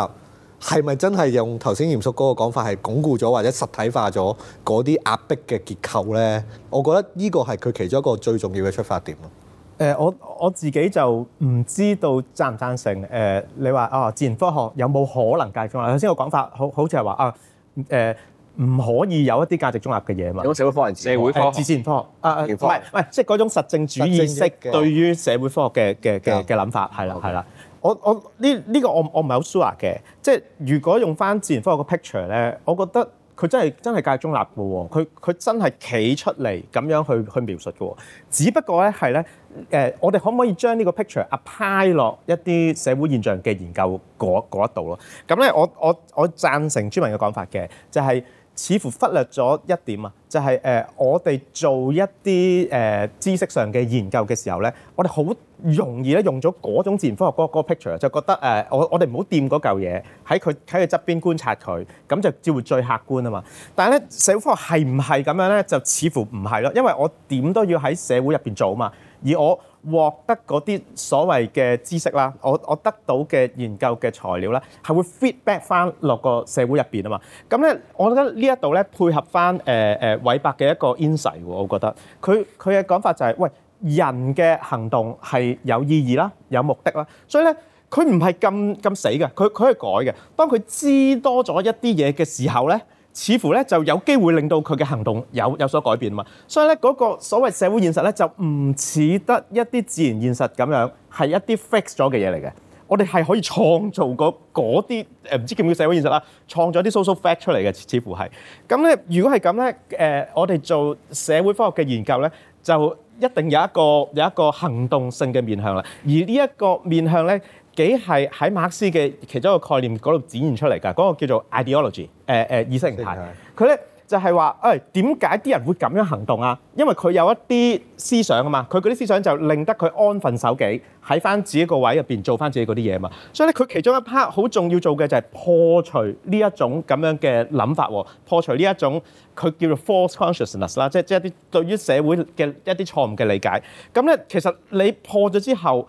係咪真係用頭先嚴叔嗰個講法，係鞏固咗或者實體化咗嗰啲壓迫嘅結構咧？我覺得呢個係佢其中一個最重要嘅出發點咯。誒，我我自己就唔知道贊唔贊成。誒、呃，你話啊、哦，自然科學有冇可能價值中立？頭先個講法好好似係話啊，誒、呃，唔、呃、可以有一啲價值中立嘅嘢嘛。社會科學、社會科、自然科學啊，唔係唔係，即係嗰種實證主義式對於社會科學嘅嘅嘅嘅諗法，係啦係啦。的我我呢呢、呢個我我唔係好 sure 嘅，即係如果用返自然科學嘅 picture 咧，我覺得佢真係真係界中立嘅喎、哦，佢佢真係企出嚟咁樣去去描述嘅喎、哦，只不過咧係咧誒，我哋可唔可以將呢個 picture apply 落一啲社會現象嘅研究嗰一度咯？咁咧，我我我贊成雋文嘅講法嘅，就係、是。似乎忽略咗一點啊，就係、係、誒、呃、我哋做一啲誒、呃、知識上嘅研究嘅時候咧，我哋好容易咧用咗嗰種自然科學嗰、嗰個 picture，就覺得誒、呃、我我哋唔好掂嗰嚿嘢，喺佢喺佢側邊觀察佢，咁就只會最客觀啊嘛。但係咧社會科學係唔係咁樣咧？就似乎唔係咯，因為我點都要喺社會入邊做啊嘛，而我。獲得嗰啲所謂嘅知識啦，我我得到嘅研究嘅材料啦，係會 feedback 翻落個社會入邊啊嘛。咁咧，我覺得呢一度咧配合翻誒誒韋伯嘅一個 insight，我覺得佢佢嘅講法就係喂，人嘅行動係有意義啦，有目的啦，所以咧佢唔係咁咁死嘅，佢佢係改嘅。當佢知多咗一啲嘢嘅時候咧。似乎咧就有機會令到佢嘅行動有有所改變啊嘛，所以咧嗰個所謂社會現實咧就唔似得一啲自然現實咁樣，係一啲 fix 咗嘅嘢嚟嘅。我哋係可以創造嗰啲誒唔知叫唔叫社會現實啦，創造啲 social fact 出嚟嘅，似乎係。咁咧如果係咁咧，誒我哋做社會科學嘅研究咧，就一定有一個有一個行動性嘅面向啦。而呢一個面向咧。幾係喺馬克思嘅其中一個概念嗰度展現出嚟㗎，嗰個叫做 ideology，誒、呃、誒意識形態的。佢咧就係話，誒點解啲人會咁樣行動啊？因為佢有一啲思想啊嘛，佢嗰啲思想就令得佢安分守己，喺翻自己個位入邊做翻自己嗰啲嘢啊嘛。所以咧，佢其中一 part 好重要做嘅就係破除呢一種咁樣嘅諗法，破除呢一種佢叫做 false consciousness 啦，即係即係一啲對於社會嘅一啲錯誤嘅理解。咁咧，其實你破咗之後。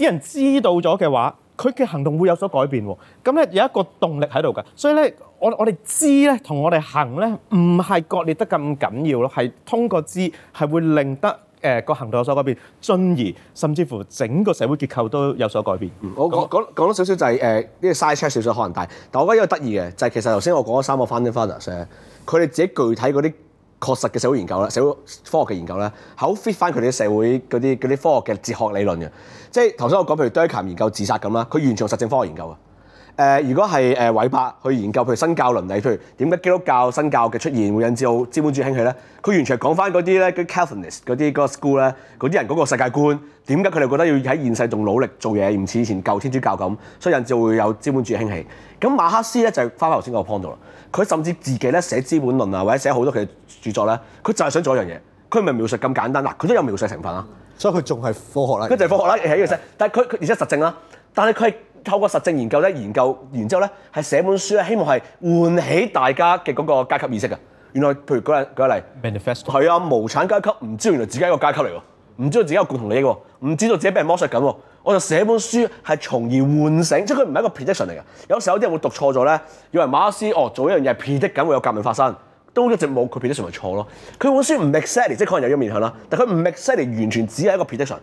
啲人知道咗嘅話，佢嘅行動會有所改變喎。咁咧，有一個動力喺度㗎，所以咧我我哋知咧同我哋行咧唔係割裂得咁緊要咯，係通過知係會令得誒個行動有所改變，進而甚至乎整個社會結構都有所改變。我講講講多少少就係誒，呢個 size 差少少可能大，但係我覺得一個得意嘅就係其實頭先我講咗三個 founding fathers，佢哋自己具體嗰啲。確實嘅社會研究啦，社會科學嘅研究咧，係好 fit 返佢哋社會嗰啲科學嘅哲學理論。即係頭先我講，譬如 Durkheim 研究自殺咁啦，佢完全係實證科學研究。誒、呃，如果係誒韋伯去研究譬如新教倫理，譬如點解基督教新教嘅出現會引致到資本主義興起咧？佢完全係講翻嗰啲咧，嗰 Calvinist 嗰啲嗰、嗰個、school 咧，嗰啲人嗰、嗰個世界觀，點解佢哋覺得要喺現世仲努力做嘢，唔似以前舊天主教咁，所以引致會有資本主義興起。咁馬克思咧就係翻翻頭先嗰個 point 度咯，佢甚至自己咧寫《資本論》啊，或者寫好多佢嘅著作咧，佢就係想做一樣嘢，佢唔係描述咁簡單嗱，佢都有描述成分啊，所以佢仲係科學啦。佢就係科學啦，係一個寫，但係佢而且實證啦，但係佢係。透過實證研究咧，研究完之後咧，係寫本書咧，希望係喚起大家嘅嗰個階級意識嘅。原來譬如舉例舉例，係 Manifesto 啊，無產階級唔知原來自己一個階級嚟喎，唔知道自己有共同利益喎，唔知道自己俾人剝削緊喎。我就寫本書係從而喚醒，即係佢唔係一個 prediction 嚟嘅。有時候有啲人會讀錯咗咧，以為馬克思哦做一樣嘢 predict 緊會有革命發生，都一直冇佢 prediction 咪錯咯。佢本書唔 exactly 即可能有咗面向啦，但佢唔 exactly 完全只係一個 prediction。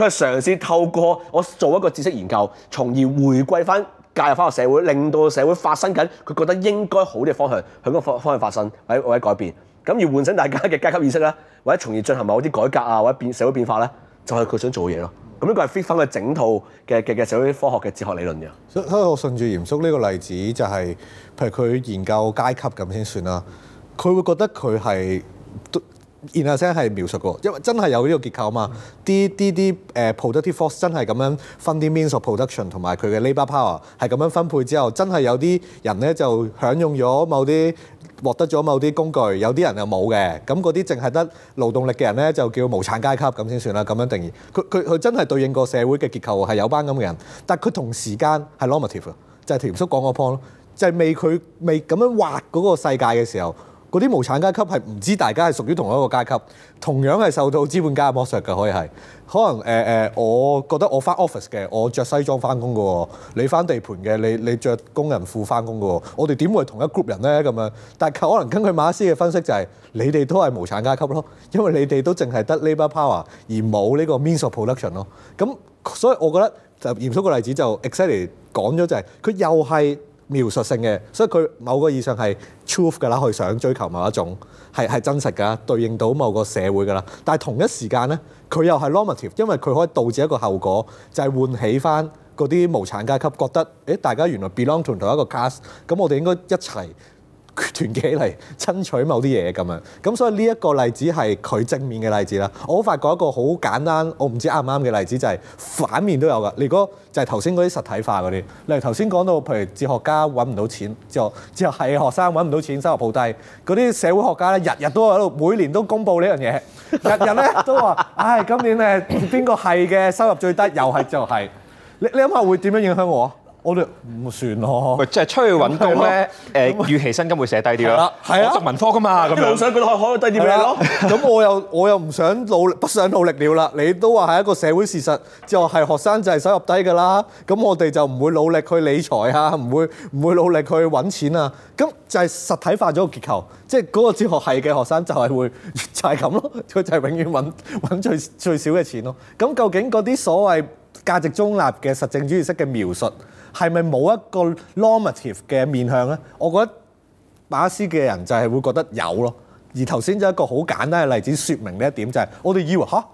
佢係嘗試透過我做一個知識研究，從而回歸翻介入翻個社會，令到社會發生緊佢覺得應該好啲方向，向嗰個方方向發生，或者或者改變。咁而喚醒大家嘅階級意識咧，或者從而進行某啲改革啊，或者變社會變化咧，就係、是、佢想做嘅嘢咯。咁呢個係 fit 翻嘅整套嘅嘅嘅社會科學嘅哲學理論嘅。所以我順住嚴肅呢個例子，就係、是、譬如佢研究階級咁先算啦。佢會覺得佢係都。然後先係描述過，因為真係有呢個結構啊嘛，啲啲啲誒 productive force 真係咁樣分啲 means of production 同埋佢嘅 labour power 係咁樣分配之後，真係有啲人咧就享用咗某啲獲得咗某啲工具，有啲人又冇嘅，咁嗰啲淨係得勞動力嘅人咧就叫無產階級咁先算啦，咁樣定義，佢佢佢真係對應個社會嘅結構係有班咁嘅人，但係佢同時間係 normative，就係田叔講個 point 咯，就係未佢未咁樣劃嗰個世界嘅時候。嗰啲無產階級係唔知大家係屬於同一個階級，同樣係受到資本家嘅剝削嘅可以係，可能誒誒、呃呃，我覺得我翻 office 嘅，我着西裝翻工嘅喎，你翻地盤嘅，你你着工人褲翻工嘅喎，我哋點會同一 group 人咧咁樣？但可能根據馬克思嘅分析就係、是，你哋都係無產階級咯，因為你哋都淨係得 labor power 而冇呢個 means of production 咯。咁所以我覺得就嚴肅個例子就 exactly 講咗就係、是，佢又係。描述性嘅，所以佢某個意義上係 truth 噶啦，去想追求某一種，係真實㗎，對應到某個社會㗎啦。但係同一時間咧，佢又係 normative，因為佢可以導致一個後果，就係、是、喚起翻嗰啲無產階級覺得，誒大家原來 belong to 同一個 class，咁我哋應該一齊。團結起嚟爭取某啲嘢咁樣，咁所以呢一個例子係佢正面嘅例子啦。我發覺一個好簡單，我唔知啱唔啱嘅例子就係、是、反面都有噶。如果就係頭先嗰啲實體化嗰啲，例如頭先講到，譬如哲學家揾唔到錢之後，之後係學生揾唔到錢，收入好低。嗰啲社會學家咧，日日都喺度，每年都公布呢樣嘢，日日咧都話：唉、 哎，今年咧邊個係嘅收入最低？又係就係、是、你你諗下會點樣影響我？我哋唔算咯。即係、就是、出去揾工咧，誒了，預期薪金會寫低啲咯。啦的，係啊，讀文科噶嘛，咁的樣。不想佢開開個第二咯。咁我又我又唔想努力，不想努力了啦。你都話係一個社會事實，就係、是、學生就係收入低噶啦。咁我哋就唔會努力去理財啊，唔會唔會努力去揾錢啊。咁就係實體化咗個結構，即係嗰個哲學系嘅學生就係會就係咁咯。佢就係永遠揾揾最最少嘅錢咯。咁究竟嗰啲所謂價值中立嘅實證主義式嘅描述？係咪冇一個 normative 嘅面向咧？我覺得馬斯嘅人就係會覺得有咯。而頭先就一個好簡單嘅例子，説明呢一點就係我哋以為吓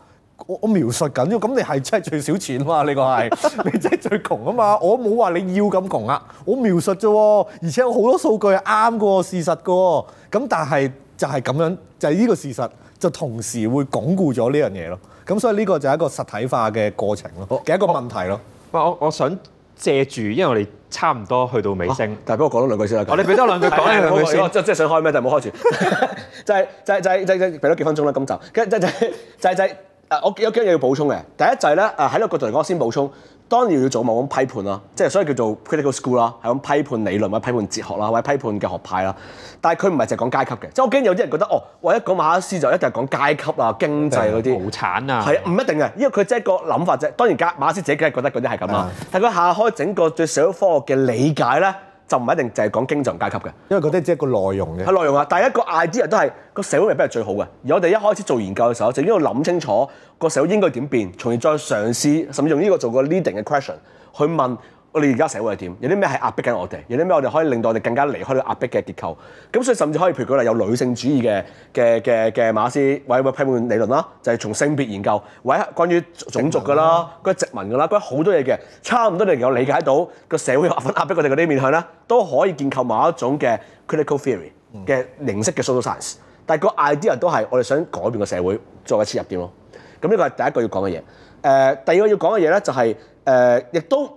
我我描述緊咁你係真係最少錢嘛？呢個係你真係最窮啊嘛！我冇話你要咁窮啊！我描述啫喎、這個， 而且有好多數據係啱嘅事實嘅喎。咁但係就係咁樣，就係、是、呢個事實，就同時會鞏固咗呢樣嘢咯。咁所以呢個就係一個實體化嘅過程咯，嘅一個問題咯。我我，我，我想。借住，因為我哋差唔多去到尾聲，啊、但不過我講多兩句先啦、啊。我、 啊、你俾多兩句講，因為 我即真想開咩、 就係，就係冇開住。就係、係、就係就係就係畀多幾分鐘啦。咁 就係，跟住就係、就就就。誒，我有幾樣嘢要補充嘅。第一就係咧，誒喺呢個角度嚟講先補充，當然要做某種批判啦，即係所以叫做 critical school 啦，係咁批判理論或者批判哲學啦，或者批判嘅學派啦。但係佢唔係淨係講階級嘅，即係我驚有啲人覺得，哦，我一講馬克思就一定係講階級啊、經濟嗰啲無產啊，係啊，唔一定嘅，因為佢即係個諗法啫。當然，馬克思自己梗係覺得嗰啲係咁啊。嗯、但佢下開整個對社會科學嘅理解咧。就唔一定淨係講經濟階級嘅，因為嗰啲只係個內容嘅。係內容啊，但係一個 idea 都係個社會未必係最好嘅。而我哋一開始做研究嘅時候，就應該諗清楚個社會應該點變，從而再嘗試甚至用呢個做個 leading 嘅 question 去問。我哋而家社會係點？有啲咩係壓迫緊我哋？有啲咩我哋可以令到我哋更加離開呢個壓迫嘅結構？咁所以甚至可以譬如嗰個有女性主義嘅嘅嘅嘅馬克思或者批判理論啦，就係、是、從性別研究，或者關於種族㗎啦、關於殖民㗎啦、關於好多嘢嘅，差唔多你有理解到個社會壓迫迫我哋嗰啲面向咧，都可以建構某一種嘅 critical theory 嘅形式嘅 social science。但係個 idea 都係我哋想改變個社會作為切入點咯。咁呢個係第一個要講嘅嘢。誒、呃，第二個要講嘅嘢咧就係、是、誒，亦、呃、都。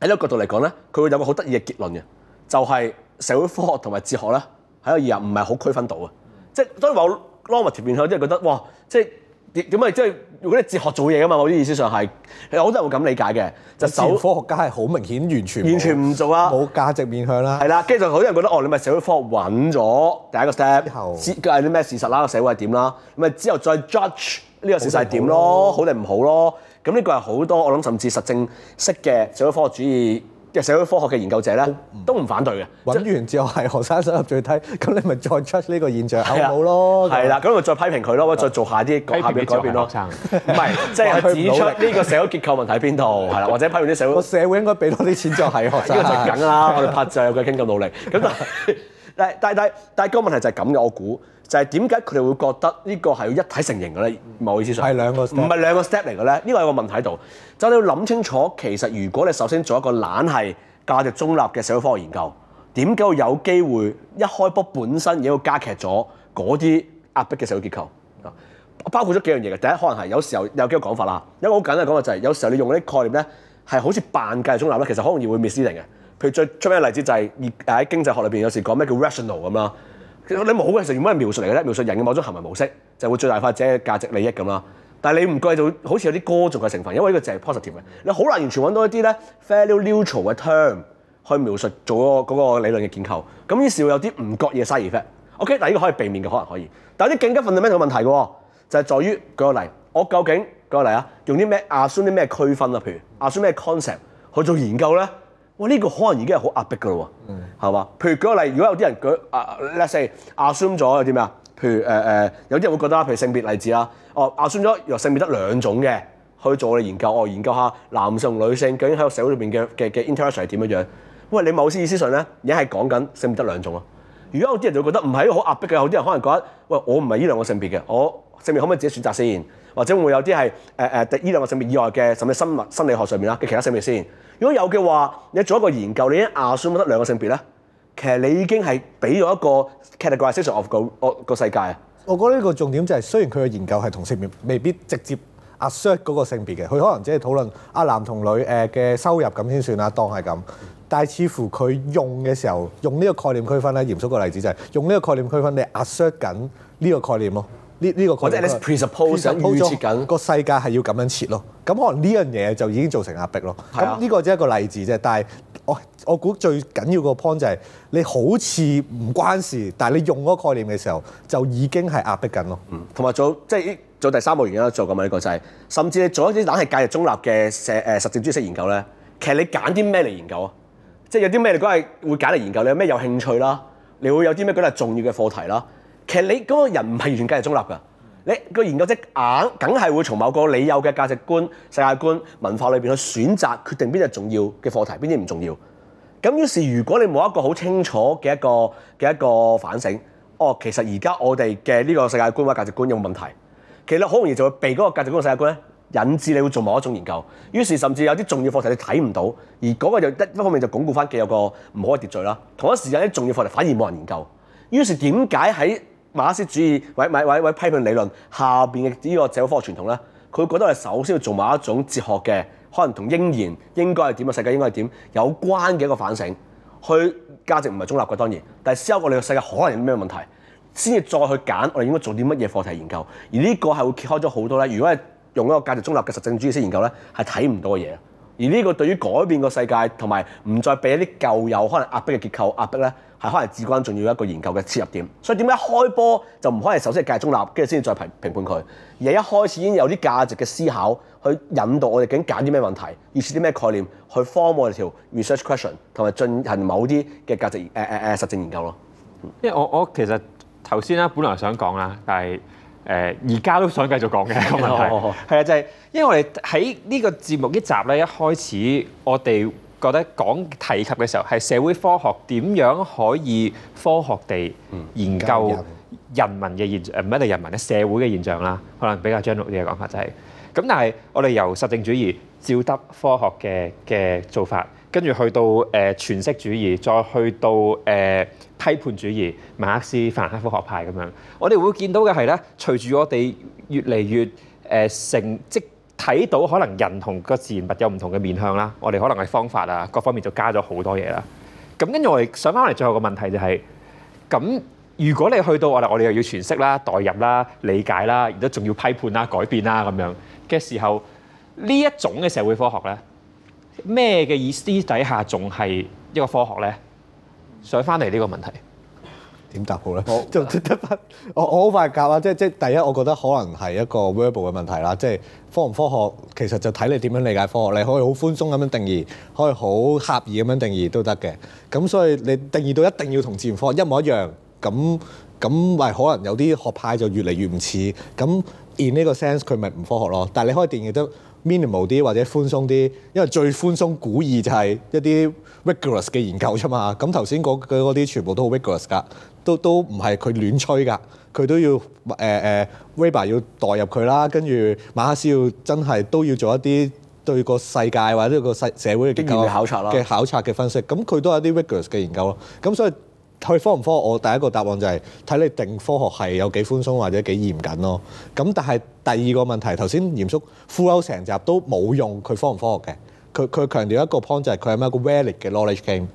喺呢個角度嚟講咧，佢會有一個好得意嘅結論嘅，就係、是、社會科學同埋哲學咧，喺個意義唔係好區分到嘅。即係所以話我 normative 面向，即係覺得哇，即係點解？即係如果你哲學做嘢嘅嘛，我啲意思上係，好多人都會咁理解嘅。就社會科學家係好明顯完全完全唔做啦，冇價值面向啦。係啦，跟住就好多人覺得哦，你咪社會科學揾咗第一個 step，設計啲咩事實啦，個社會係點啦，咁咪之後再 judge 呢個事實點咯，好定唔好咯、啊。好咁呢個係好多我諗，甚至實證式嘅社會科學主義嘅社會科學嘅研究者咧，都唔反對嘅。揾完之後係學生收入最低，咁你咪再出呢個現象係冇咯？係啦，咁我咪再批評佢咯，我再做下啲下邊改變咯。唔係，即係指出呢個社會結構問題喺邊度，係啦，或者批評啲社會，個社會應該俾多啲錢再係學生梗啦，我哋拍就係佢傾咁努力。咁但係但係但係個問題就係咁我估。就係點解佢哋會覺得呢個係要一體成型嘅咧？唔好意思說，係兩個，唔係兩個，唔係兩個 step 嚟嘅咧。呢個有個問題度，就你要諗清楚。其實如果你首先做一個懶係價值中立嘅社會科學研究，點解會有機會一開波本身已經加劇咗嗰啲壓迫嘅社會結構？包括咗幾樣嘢嘅。第一可能係有時候有幾個講法啦。因為好簡單嘅講嘅就係、是，有時候你用嗰啲概念咧，係好似扮價值中立咧，其實好容易會 missing 嘅。譬如最出名嘅例子就係而喺經濟學裏邊，有時講咩叫 rational 咁啦。你冇嘅時候，全部係描述嚟嘅啫，描述人嘅某種行為模式，就會最大化自己價值利益咁啦，但你唔計到，好似有啲歌頌嘅成分，因為呢個就係 positive 嘅。你好難完全揾到一啲咧 value-neutral 嘅 term 去描述做嗰個理論嘅結構。咁於是會有啲唔覺意 side effect。O、okay? K，但呢個可以避免嘅可能可以。但係啲更加 fundamental 問題嘅，就係、是、在於舉個例，我究竟舉個例啊，用啲咩 assume 啲咩區分啊？譬如 assume 咩 concept 去做研究咧？哇！呢個可能已經係好壓迫噶咯喎，係嘛？譬如舉個例，如果有啲人舉啊，let's say assume 咗有啲咩啊？譬如誒誒、呃呃，有啲人會覺得，譬如性別例子啦，哦，assume 咗若性別得兩種嘅去做我哋研究，哦、啊，研究下男性同女性究竟喺個社會裏邊嘅嘅嘅 interaction 係點樣樣？喂，你某先意思上咧，而家係講緊性別得兩種啊。如果有啲人就會覺得唔係一個好壓迫嘅。有啲人可能覺得，喂，我唔係呢兩個性別嘅，我性別可唔可以自己選擇先？或者會，會有啲係誒誒，呢兩個性別以外嘅，甚至生物生理學上面啦嘅其他性別先。如果有嘅話，你做一個研究，你 assert 得兩個性別咧，其實你已經係俾咗一個 categorization of 個世界。我覺得呢個重點就係、是，雖然佢嘅研究係同性別未必直接 assert 嗰個性別嘅，佢可能只係討論阿男同女誒嘅收入咁先算啦，當係咁。但係似乎佢用嘅時候，用呢個概念區分咧，嚴肅個例子就係、是、用呢個概念區分，你 assert 緊呢個概念咯。呢呢個概念或者 let's presuppose 預設個世界係要咁樣設咯，咁可能呢樣嘢就已經造成壓迫咯。咁呢是、啊、個只係一個例子啫，但係我我估最緊要個 point 就係、是、你好似唔關事，但係你用嗰個概念嘅時候，就已經係壓迫緊咯。同埋、嗯、做即係做第三步原因都做緊嘛，呢、這個就係、是、甚至你做一啲冷係介入中立嘅社誒實證知識研究咧，其實你揀啲咩嚟研究啊？即係有啲咩嗰係會揀嚟研究？你有咩有興趣啦？你會有啲咩覺得重要嘅課題啦？其實你嗰個人唔係完全價值中立㗎，你個研究隻硬梗係會從某個你有嘅價值觀、世界觀、文化裏邊去選擇決定邊啲重要嘅課題，邊啲唔重要。咁於是如果你冇一個好清楚嘅一個嘅一個反省，哦，其實而家我哋嘅呢個世界觀或者價值觀有，有問題，其實好容易就會被嗰個價值觀、世界觀咧引致你會做某一種研究。於是甚至有啲重要課題你睇唔到，而嗰個就一一方面就鞏固翻既有個唔好嘅秩序啦。同一時間啲重要課題反而冇人研究。於是點解喺？馬克思主義、或者批判理論下邊嘅呢個社會科學傳統呢，佢覺得係首先要做某一種哲學嘅，可能同應然應該係點嘅世界應該係點有關嘅一個反省。佢價值唔係中立嘅，當然，但係思考過你個世界可能有啲咩問題，先至再去揀我哋應該做啲乜嘢課題研究。而呢個係會揭開咗好多呢。如果係用一個價值中立嘅實證主義式研究呢，係睇唔到嘅嘢。而呢個對於改變個世界，同埋唔再俾一啲舊有可能壓迫嘅結構壓迫咧，係可能至關重要一個研究嘅切入點。所以點解開波就唔可以首先係價值中立，跟住先至再評評判佢，而係一開始已經有啲價值嘅思考去引導我哋究竟揀啲咩問題，設啲咩概念去 form 我哋條 research question，同埋進行某啲嘅價值誒誒誒實證研究咯。因為我我其實頭先啦，本來想講啦，但係。誒而家都想繼續講嘅一個問題，係啊， 就係、是、因為我哋喺呢個節目一集呢集咧，一開始我哋覺得講提及嘅時候，係社會科學點樣可以科學地研究人民嘅現象，唔、呃、係人民咧，社會嘅現象啦。可能比較專業啲嘅講法就係、是，咁但係我哋由實證主義照得科學嘅嘅做法，跟住去到誒詮釋主義，再去到誒批判主義，馬克思、凡克夫學派咁樣，我哋會見到嘅係咧，隨住我哋越嚟越誒成績睇到，可能人同個自然物有唔同嘅面向啦，我哋可能係方法啊，各方面就加咗好多嘢啦。咁跟住我哋上翻嚟最後個問題就係：咁如果你去到我哋，我哋又要詮釋啦、代入啦、理解啦，而都仲要批判啦、改變啦咁樣嘅時候，呢一種嘅社會科學咧？咩嘅意思底下仲係一個科學咧？想翻嚟呢個問題點答好咧？我我好快夾啊！即即第一，我覺得可能係一個 verbal 嘅問題啦。即科唔科學其實就睇你點樣理解科學。你可以好寬鬆咁樣定義，可以好狹義咁樣定義都得嘅。咁所以你定義到一定要同自然科學一模一樣，咁咁咪可能有啲學派就越嚟越唔似。咁 in 呢個 sense 佢咪唔科學咯？但係你可以定義得。Minimal 啲或者寬鬆啲，因為最寬鬆古意就係一啲 rigorous 嘅研究啫嘛。咁頭先講嘅嗰啲全部都好 rigorous 噶，都都唔係佢亂吹㗎，佢都要誒誒 Weber 要代入佢啦，跟住馬克思要真係都要做一啲對個世界或者個世社會嘅嘅考察嘅分析，咁佢都係一啲 rigorous 嘅研究咯。咁所以。去科唔科學？我第一個答案就係、是、睇你定科學係有幾寬鬆或者幾嚴謹咯。咁但係第二個問題，頭先鹽叔 throughout 成集都冇用佢科唔科學嘅。佢佢強調一個 point 就係佢係咪一個 valid 嘅 knowledge claim？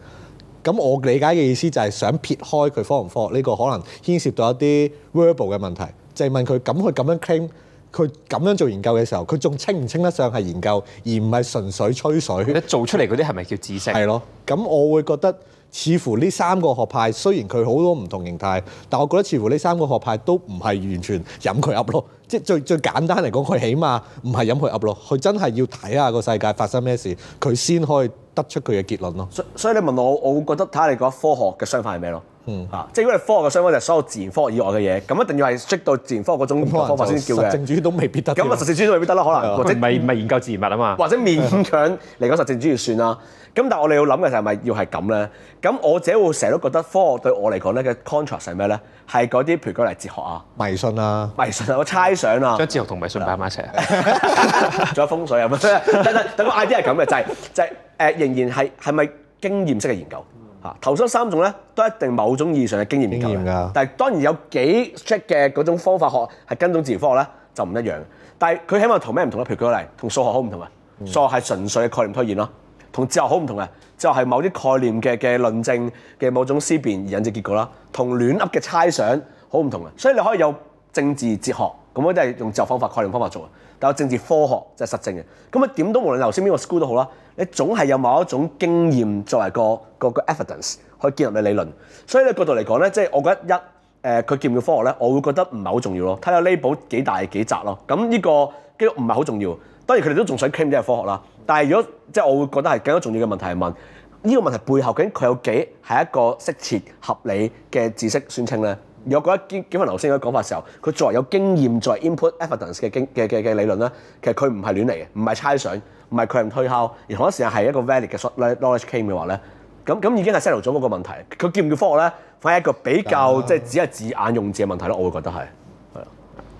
咁我理解嘅意思就係想撇開佢科唔科學呢，這個可能牽涉到一啲 verbal 嘅問題，就係、是、問佢咁去咁樣 claim？佢咁樣做研究嘅時候，佢仲清唔清稱唔稱得上係研究，而唔係純粹吹水。你做出嚟嗰啲係咪叫知識？係咯，咁我會覺得，似乎呢三個學派雖然佢好多唔同形態，但我覺得似乎呢三個學派都唔係完全飲佢噏咯。即最最簡單嚟講，佢起碼唔係飲佢噏咯。佢真係要睇下個世界發生咩事，佢先可以得出佢嘅結論咯。所以所以你問我，我會覺得睇下你嗰科學嘅想法係咩咯？嗯，即係如果科學嘅相關，就係所有自然科學以外嘅嘢，咁一定要係識到自然科學嗰種方法先叫嘅。正主都未必得。咁實證主義都未必得啦，可能唔係唔係研究自然物啊嘛。或者勉強嚟講實證主義算啦。咁的但我哋要諗嘅就係咪要係咁咧？咁我自己會成日都覺得科學對我嚟講咧嘅 contrast 係咩咧？係嗰啲譬如講嚟哲學啊、迷信啊、迷信、啊、我猜想啊，將哲學同迷信擺埋一齊、啊，仲 有風水咁樣，等個 idea 係咁嘅，就係、是、就係、是呃、仍然係係咪經驗式嘅研究？啊！頭先三種咧，都一定某種意義上嘅經驗嚟嘅，但係當然有幾 strict 嘅嗰種方法學係跟蹤自然科學咧，就唔一樣。但係佢起碼同咩唔同咧？譬如舉例，同數學好唔同啊！數學係純粹嘅概念推演咯，同哲學好唔同啊！哲學係某啲概念嘅嘅論證嘅某種思辨而引致結果啦，同亂噏嘅猜想好唔同啊！所以你可以有政治哲學咁樣都係用哲學方法、概念方法做，但係政治科學就係實證嘅。咁啊，點都無論頭先邊個 school 都好啦。你總係有某一種經驗作為個個個 evidence 去建立你理論，所以咧，角度嚟講咧，即係我覺得一誒佢叫唔叫科學咧，我會覺得唔係好重要咯。睇下 label 幾大幾窄咯。咁呢、呢個基唔係好重要。當然佢哋都仲想 claim 啲係科學啦。但係如果即係我會覺得係更加重要嘅問題係問呢、呢個問題背後究竟佢有幾係一個適切合理嘅知識宣稱咧？如果覺得兼位翻頭先嗰個講法時候，佢作為有經驗作為 input evidence 嘅經嘅嘅嘅理論咧，其實佢唔係亂嚟嘅，唔係猜想。唔係佢係唔退後，而同一時間係一個 valid 嘅 knowledge claim 嘅話咧，咁咁已經係 set up 咗嗰個問題。佢叫唔叫科學咧，反而係一個比較、啊、即係只係字眼用字嘅問題咯。我會覺得係。係啊。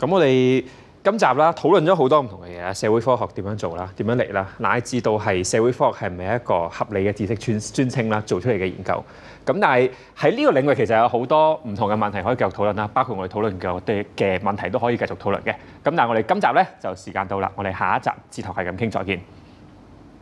咁我哋今集啦，討論咗好多唔同嘅嘢啊，社會科學點樣做啦，點樣嚟啦，乃至到係社會科學係唔係一個合理嘅知識專專稱啦，做出嚟嘅研究。咁但係喺呢個領域其實有好多唔同嘅問題可以繼續討論啦，包括我哋討論嘅嘅問題都可以繼續討論嘅。咁但係我哋今集咧就時間到啦，我哋下一集哲學係咁傾，再見。